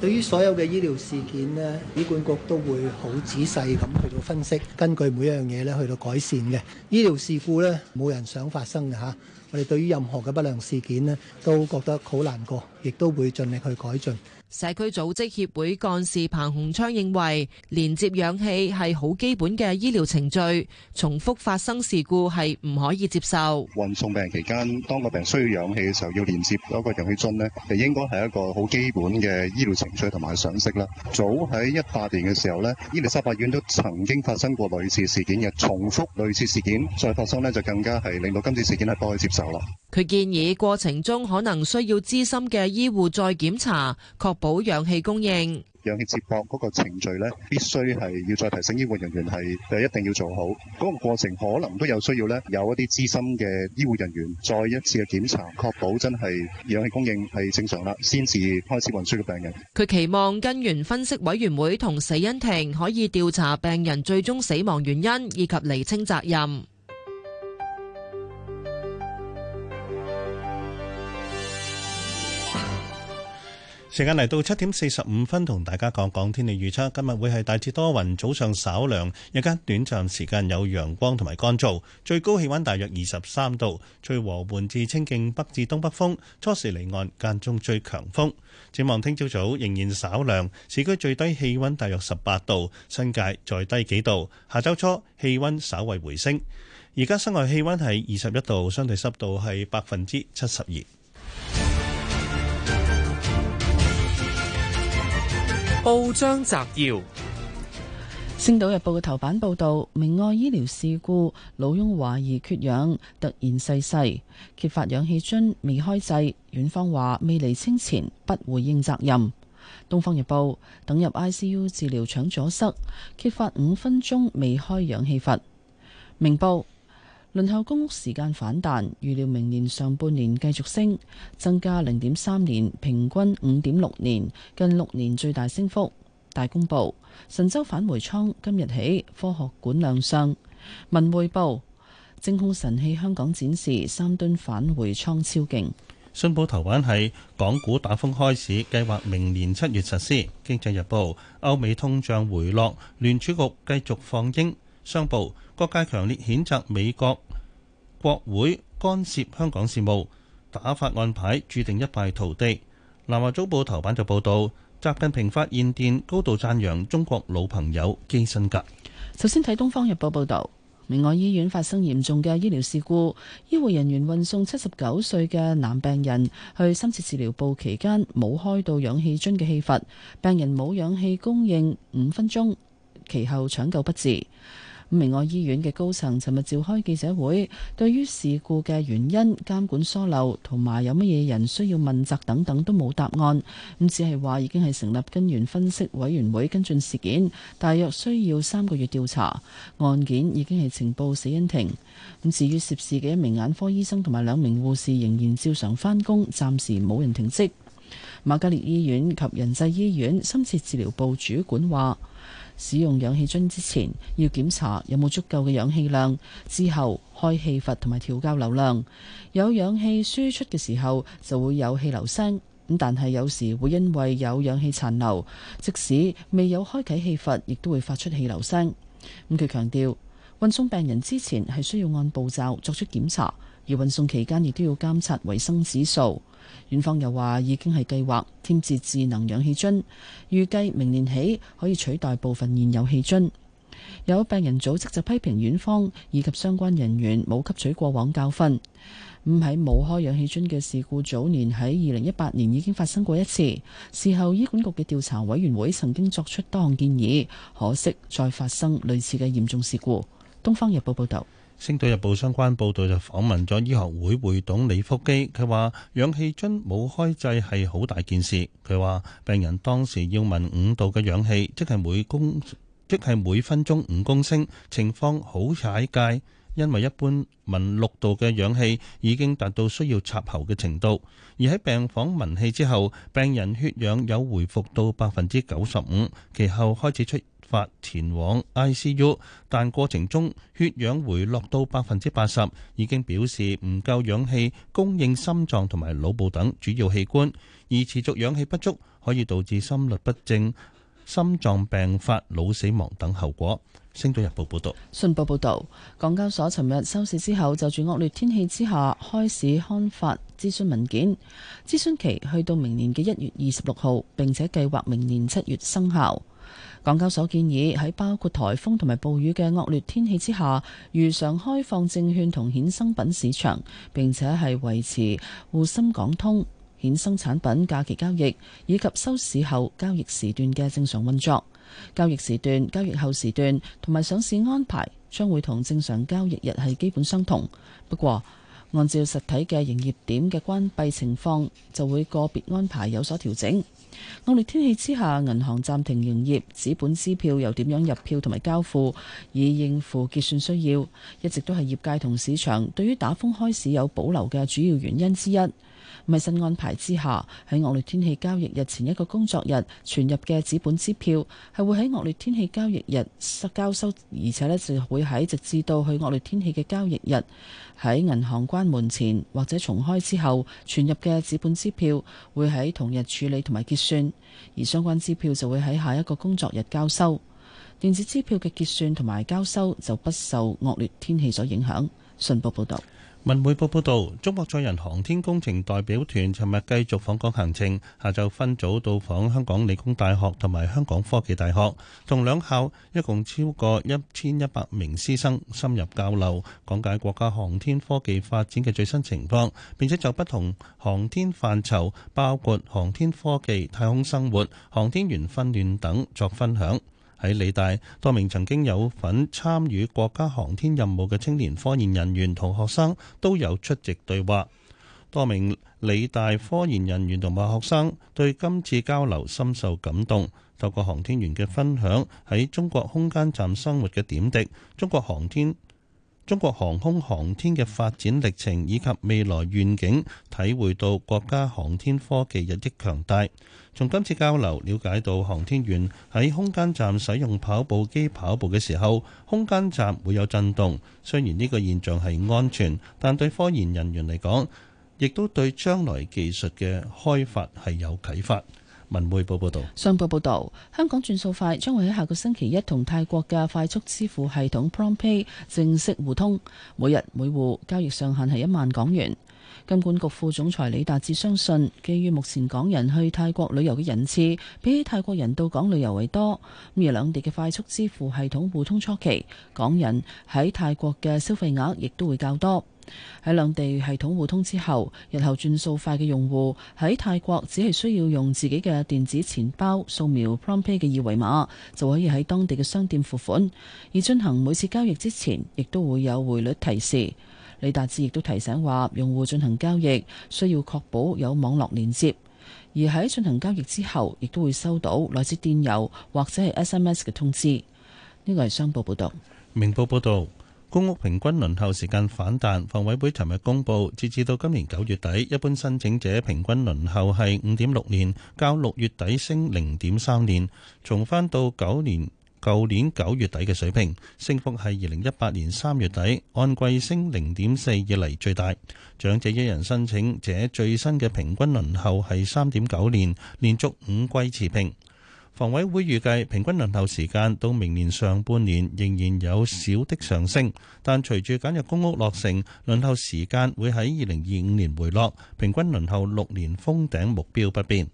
對於所有嘅醫療事件呢，醫管局都會好仔細咁去到分析，根據每一樣嘢咧去到改善嘅。醫療事故呢，冇人想發生嘅吓，我哋對於任何嘅不良事件呢，都覺得好難過，亦都會盡力去改進。社區組織協會幹事彭洪昌認為，連接氧氣係好基本嘅醫療程序，重複發生事故係唔可以接受。運送病人期間，當個病人需要氧氣嘅時候，要連接嗰個氧氣樽，呢，係應該係一個好基本嘅醫療程序同埋常識啦。早喺一八年嘅時候呢，伊利沙伯醫院都曾經發生過類似事件嘅，重複類似事件再發生呢，就更加係令到今次事件係不可以接受啦。佢建議過程中可能需要資深嘅醫護再檢查，確保氧氣供應，氧氣接駁嗰個程序咧，必須係要再提醒醫護人員係誒，一定要做好嗰個過程，可能都有需要咧，有一啲資深嘅醫護人員再一次嘅檢查，確保真係氧氣供應係正常啦，先至開始運輸嘅病人。佢期望根源分析委員會同死因庭可以調查病人最終死亡原因以及厘清責任。時間嚟到七點四十五分，同大家講講天氣預測。今日會係大致多雲，早上稍涼，日間短暫時間有陽光同埋乾燥，最高氣温大約二十三度，吹和緩至清勁北至東北風，初時離岸，間中最強風。展望聽朝早仍然稍涼，市區最低氣温大約十八度，新界再低幾度。下周初氣温稍為回升。而家室外氣温係二十一度，相對濕度係百分之七十二。報章摘要：星島日報嘅頭版報道，明愛醫療事故，老翁懷疑缺氧突然逝世，揭發氧氣樽未開掣，院方話未釐清前不回應責任。東方日報，等入 I C U 治療搶阻塞，揭發五分鐘未開氧氣閥。明報。輪候公屋時間反彈，預料明年上半年繼續升，增加零點三年，平均五點六年，近六年最大升幅。大公報：神舟返回艙今日起科學館亮相。文匯報：真空神器香港展示三噸返回艙超勁。信報頭版係港股打風開始，計劃明年七月實施。經濟日報：歐美通脹回落，聯儲局繼續放鷹。商報：各界強烈譴責美國。國會干涉香港事務，打法案牌，注定一敗塗地。南華早報頭版就報道，習近平發唁電，高度讚揚中國老朋友基辛格。首先睇《東方日報》報導，明愛醫院發生嚴重嘅醫療事故，醫護人員運送七十九歲嘅男病人去深切治療部期間，冇開到氧氣樽嘅氣閥，病人冇氧氣供應五分鐘，其後搶救不治。明愛醫院嘅高層尋日召開記者會，對於事故嘅原因、監管疏漏同埋有乜嘢人需要問責等等都冇答案。咁只係話已經係成立根源分析委員會跟進事件，大約需要三個月調查。案件已經係呈報死因庭。咁至於涉事嘅一名眼科醫生同埋兩名護士，仍然照常翻工，暫時冇人停職。瑪嘉烈醫院及仁濟醫院深切治療部主管話，使用氧氣樽之前要檢查有冇足夠嘅氧氣量，之後開氣閥同埋調校流量。有氧氣輸出嘅時候就會有氣流聲，咁但係有時會因為有氧氣殘留，即使未有開啟氣閥，亦都會發出氣流聲。咁佢強調，運送病人之前係需要按步驟作出檢查，而運送期間亦都要監察衛生指數。院方又話已經係計劃添置智能氧氣樽，預計明年起可以取代部分現有氣樽。有病人組織就批評院方以及相關人員冇吸取過往教訓。唔係冇開氧氣樽嘅事故，早年喺二零一八年已經發生過一次，事後醫管局嘅調查委員會曾經作出多項建議，可惜再發生類似嘅嚴重事故。東方日報報道。星島日報相關報道就訪問咗醫學會會董李福基，佢話氧氣樽冇開掣係好大件事。佢話病人當時要聞五度嘅氧氣，即係每公即係每分鐘五公升，情況好踩界，因為一般聞六度嘅氧氣已經達到需要插喉嘅程度。而喺病房聞氣之後，病人血氧有回復到百分之九十五，其後開始出。法前往 ICU，但過程中血氧回落到百分之八十，已經表示唔夠氧氣供應心臟同埋腦部等主要器官。而持續氧氣不足可以導致心律不正、心臟病發、腦死亡等後果。星島日報報道，信報報道，港交所尋日收市之後就住惡劣天氣之下開市刊發諮詢文件，諮詢期去到明年嘅一月二十六號，並且計劃明年七月生效。港交所建議喺包括台風同埋暴雨嘅惡劣天氣之下，如常開放證券同衍生品市場，並且係維持滬深港通衍生產品假期交易以及收市後交易時段嘅正常運作。交易時段、交易後時段同埋上市安排將會同正常交易日係基本相同，不過，按照實體嘅營業點嘅關閉情況，就會個別安排有所調整。惡劣天氣之下，銀行暫停營業，紙本支票又點樣入票同埋交付，以應付結算需要，一直都係業界同市場對於打風開市有保留嘅主要原因之一。喺新安排之下，喺惡劣天氣交易日前一個工作日存入嘅紙本支票係會喺惡劣天氣交易日收交收，而且咧就會喺直至到去惡劣天氣嘅交易日喺銀行關門前或者重開之後存入嘅紙本支票會喺同日處理同埋結算，而相關支票就會喺下一個工作日交收。電子支票嘅結算同埋交收就不受惡劣天氣所影響，信報報道。文匯報報道，中國載人航天工程代表團尋日繼續訪港行程，下晝分組到訪香港理工大學同埋香港科技大學，同兩校一共超過一千一百名師生深入交流，講解國家航天科技發展嘅最新情況，並且就不同航天範疇，包括航天科技、太空生活、航天員訓練等作分享。喺理大，多名曾經有份參與國家航天任務嘅青年科研人員同學生都有出席對話。多名理大科研人員同埋學生對今次交流深受感動，透過航天員嘅分享，喺中國空間站生活嘅點滴，中國航天。中國航空航天嘅發展歷程以及未來願景，體會到國家航天科技日益強大。從今次交流了解到，航天員喺空間站使用跑步機跑步嘅時候，空間站會有震動。雖然呢個現象係安全，但對科研人員嚟講，亦都對將來技術嘅開發係有啟發。文匯報報道，商報報道，香港轉數快將會喺下個星期一同泰國嘅快速支付系統 PromptPay 正式互通，每日每戶交易上限係一萬港元。金管局副總裁李達志相信，基於目前港人去泰國旅遊嘅人次，比起泰國人到港旅遊為多，咁而兩地嘅快速支付系統互通初期，港人喺泰國嘅消費額亦都會較多。喺兩地系統互通之後，日後轉數快嘅用戶喺泰國只係需要用自己嘅電子錢包掃描 PromptPay 嘅二維碼，就可以喺當地嘅商店付款。而進行每次交易之前，亦都會有匯率提示。李達志亦都提醒話，用戶進行交易需要確保有網絡連接。而喺進行交易之後，亦都會收到來自電郵或者係 SMS 嘅通知。呢、這個係商報報道，明報報道。公屋平均輪候時間反彈，房委會尋日公布，截至到今年九月底，一般申請者平均輪候係五點六年，較六月底升零點三年，重返到九年舊年九月底嘅水平，升幅係二零一八年三月底按季升零點四以嚟最大。長者一人申請者最新嘅平均輪候係三點九年，連續五季持平。房委會預計平均輪候時間到明年上半年仍然有小的上升，但隨住簡約公屋落成，輪候時間會喺二零二五年回落，平均輪候六年封頂目標不變。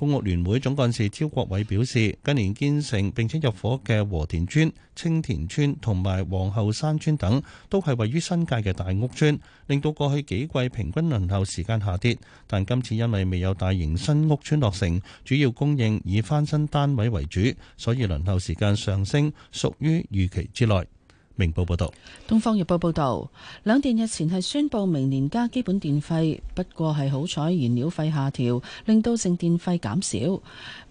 公屋聯會總幹事招國偉表示，近年建成並且入伙嘅和田村、青田村同埋皇后山村等，都係位於新界嘅大屋村，令到過去幾季平均輪候時間下跌。但今次因為未有大型新屋村落成，主要供應以翻新單位為主，所以輪候時間上升，屬於預期之內。明報報道，東方日報報道，兩電日前係宣布明年加基本電費，不過係好彩燃料費下調，令到剩電費減少。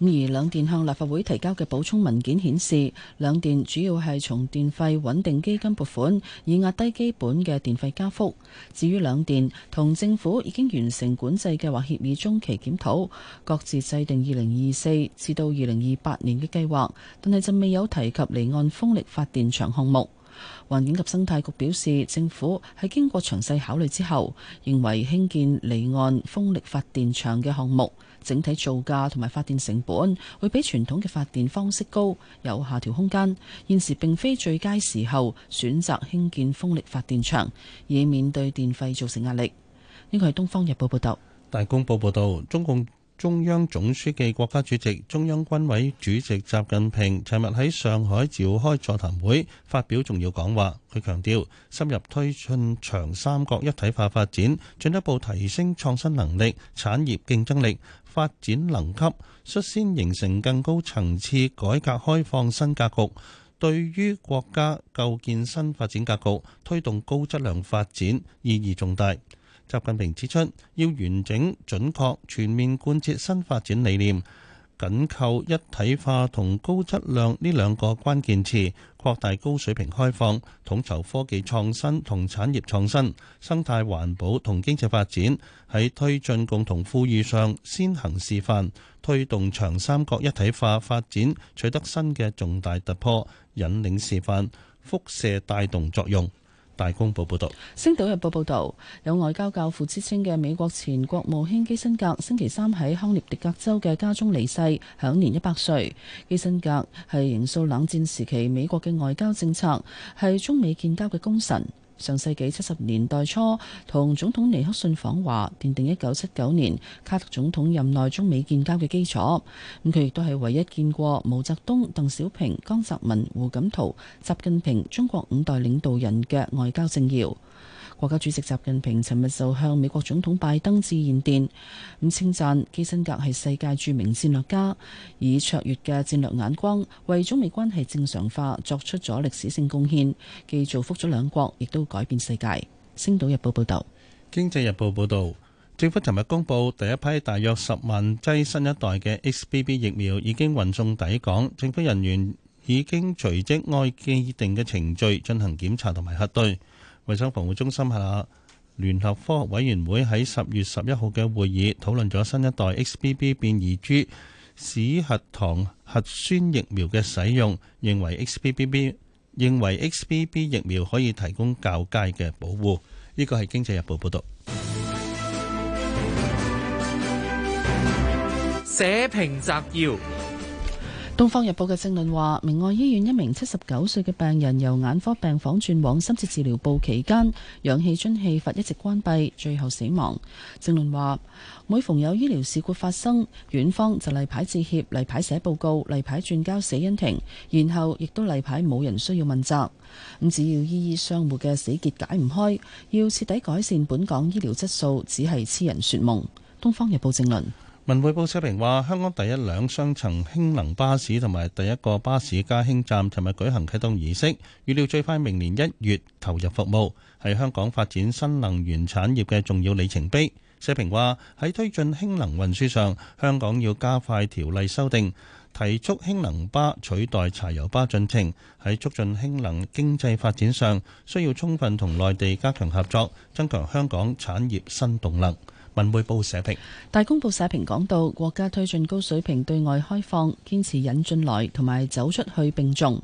咁而兩電向立法會提交嘅補充文件顯示，兩電主要係從電費穩定基金撥款，以壓低基本嘅電費加幅。至於兩電同政府已經完成管制計劃協議中期檢討，各自制定二零二四至到二零二八年嘅計劃，但係就未有提及離岸風力發電場項目。環境及生態局表示，政府喺經過詳細考慮之後，認為興建離岸風力發電場嘅項目，整體造價同埋發電成本會比傳統嘅發電方式高，有下調空間。現時並非最佳時候選擇興建風力發電場，以免對電費造成壓力。呢個係《東方日報》報道，大公報報道，中共。中央總書記、國家主席、中央軍委主席習近平尋日喺上海召開座談會，發表重要講話。佢強調，深入推進長三角一體化發展，進一步提升創新能力、產業競爭力、發展能級，率先形成更高層次改革開放新格局，對於國家構建新發展格局、推動高質量發展意義重大。習近平指出，要完整準確全面貫徹新發展理念，緊扣一體化同高質量呢兩個關鍵詞，擴大高水平開放，統籌科技創新同產業創新，生態環保同經濟發展，喺推進共同富裕上先行示範，推動長三角一體化發展取得新嘅重大突破，引領示範，輻射帶動作用。大公報報道，《星島日報》報道，有外交教父之稱嘅美國前國務卿基辛格，星期三喺康涅狄格州嘅家中離世，享年一百歲。基辛格係形塑冷戰時期美國嘅外交政策，係中美建交嘅功臣。上世紀七十年代初同總統尼克遜訪華，奠定一九七九年卡特總統任內中美建交嘅基礎。咁佢亦都係唯一見過毛澤東、鄧小平、江澤民、胡錦濤、習近平、中國五代領導人嘅外交政要。國家主席習近平尋日就向美國總統拜登致唁電，咁稱讚基辛格係世界著名戰略家，以卓越嘅戰略眼光為中美關係正常化作出咗歷史性貢獻，既造福咗兩國，亦都改變世界。星島日報報道，經濟日報報道，政府尋日公布第一批大約十萬劑新一代嘅 XBB 疫苗已經運送抵港，政府人員已經隨即按既定嘅程序進行檢查同埋核對。衛生防護中心下聯合科學委員會喺十月十一號嘅會議討論咗新一代 XBB 變異株史核糖核酸疫苗嘅使用，認為 XBB 認為 XBB 疫苗可以提供較佳嘅保護。呢個係《經濟日報》報道。社評摘要。《東方日報》嘅正論話，明愛醫院一名七十九歲嘅病人由眼科病房轉往深切治療部期間，氧氣樽氣閥一直關閉，最後死亡。正論話，每逢有醫療事故發生，院方就例牌致歉、例牌寫報告、例牌轉交死因庭，然後亦都例牌冇人需要問責。咁只要醫醫相護嘅死結解唔開，要徹底改善本港醫療質素，只係痴人說夢。《東方日報》正論。文匯報社評話，香港第一輛雙層氫能巴士同埋第一個巴士加氫站尋日舉行啟動儀式，預料最快明年一月投入服務，係香港發展新能源產業嘅重要里程碑。社評話，喺推進氫能運輸上，香港要加快條例修訂，提速氫能巴取代柴油巴進程；喺促進氫能經濟發展上，需要充分同內地加強合作，增強香港產業新動能。文匯報社評。大公報社評講到，國家推進高水平對外開放，堅持引進來同埋走出去並重，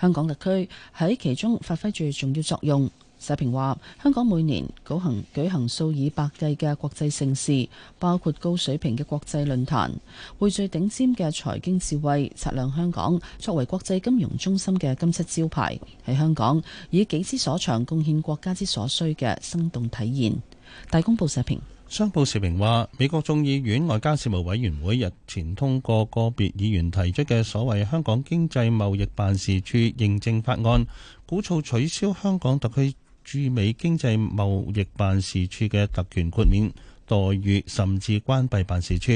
香港特區喺其中發揮住重要作用。社評話，香港每年行舉行舉行數以百計嘅國際盛事，包括高水平嘅國際論壇，匯聚頂尖嘅財經智慧，擦亮香港作為國際金融中心嘅金漆招牌。喺香港以己之所長，貢獻國家之所需嘅生動體現。大公報社評。商報時評話，美國眾議院外交事務委員會日前通過個別議員提出嘅所謂香港經濟貿易辦事處認證法案，鼓噪取消香港特區駐美經濟貿易辦事處嘅特權豁免待遇，甚至關閉辦事處。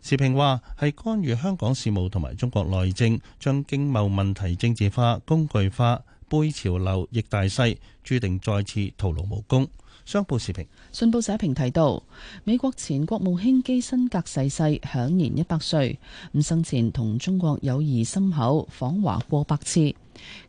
時評話，係干預香港事務同埋中國內政，將經貿問題政治化、工具化、背潮流、逆大勢，注定再次徒勞無功。商報時評信報社評提到，美國前國務卿基辛格逝世，享年一百歲。咁生前同中國友誼深厚，訪華過百次。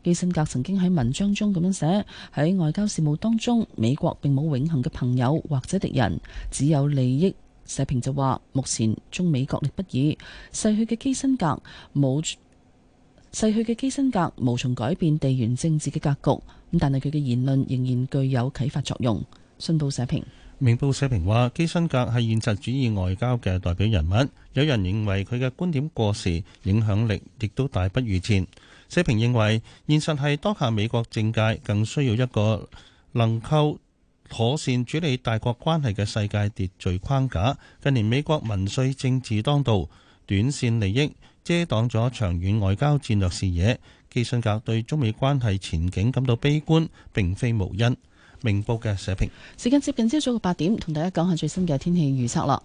基辛格曾經喺文章中咁樣寫：喺外交事務當中，美國並冇永恆嘅朋友或者敵人，只有利益。社評就話：目前中美角力不已，逝去嘅基辛格冇逝去嘅基辛格無從改變地緣政治嘅格局。咁但係佢嘅言論仍然具有啟發作用。信報社評，明報社評話基辛格係現實主義外交嘅代表人物，有人認為佢嘅觀點過時，影響力亦都大不如前。社評認為，現實係當下美國政界更需要一個能夠妥善處理大國關係嘅世界秩序框架。近年美國民粹政治當道，短線利益遮擋咗長遠外交戰略視野。基辛格對中美關係前景感到悲觀，並非無因。明報嘅社評，時間接近朝早嘅八點，同大家講下最新嘅天氣預測啦。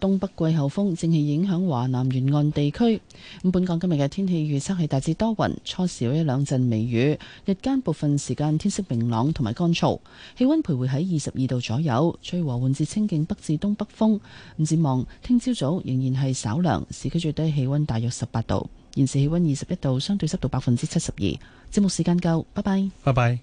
東北季候風正係影響華南沿岸地區，咁本港今日嘅天氣預測係大致多雲，初時有一兩陣微雨，日間部分時間天色明朗同埋乾燥，氣溫徘徊喺二十二度左右，吹和緩至清勁北至東北風。咁展望聽朝早仍然係稍涼，市區最低氣溫大約十八度，現時氣溫二十一度，相對濕度百分之七十二。節目時間夠，拜拜，拜拜。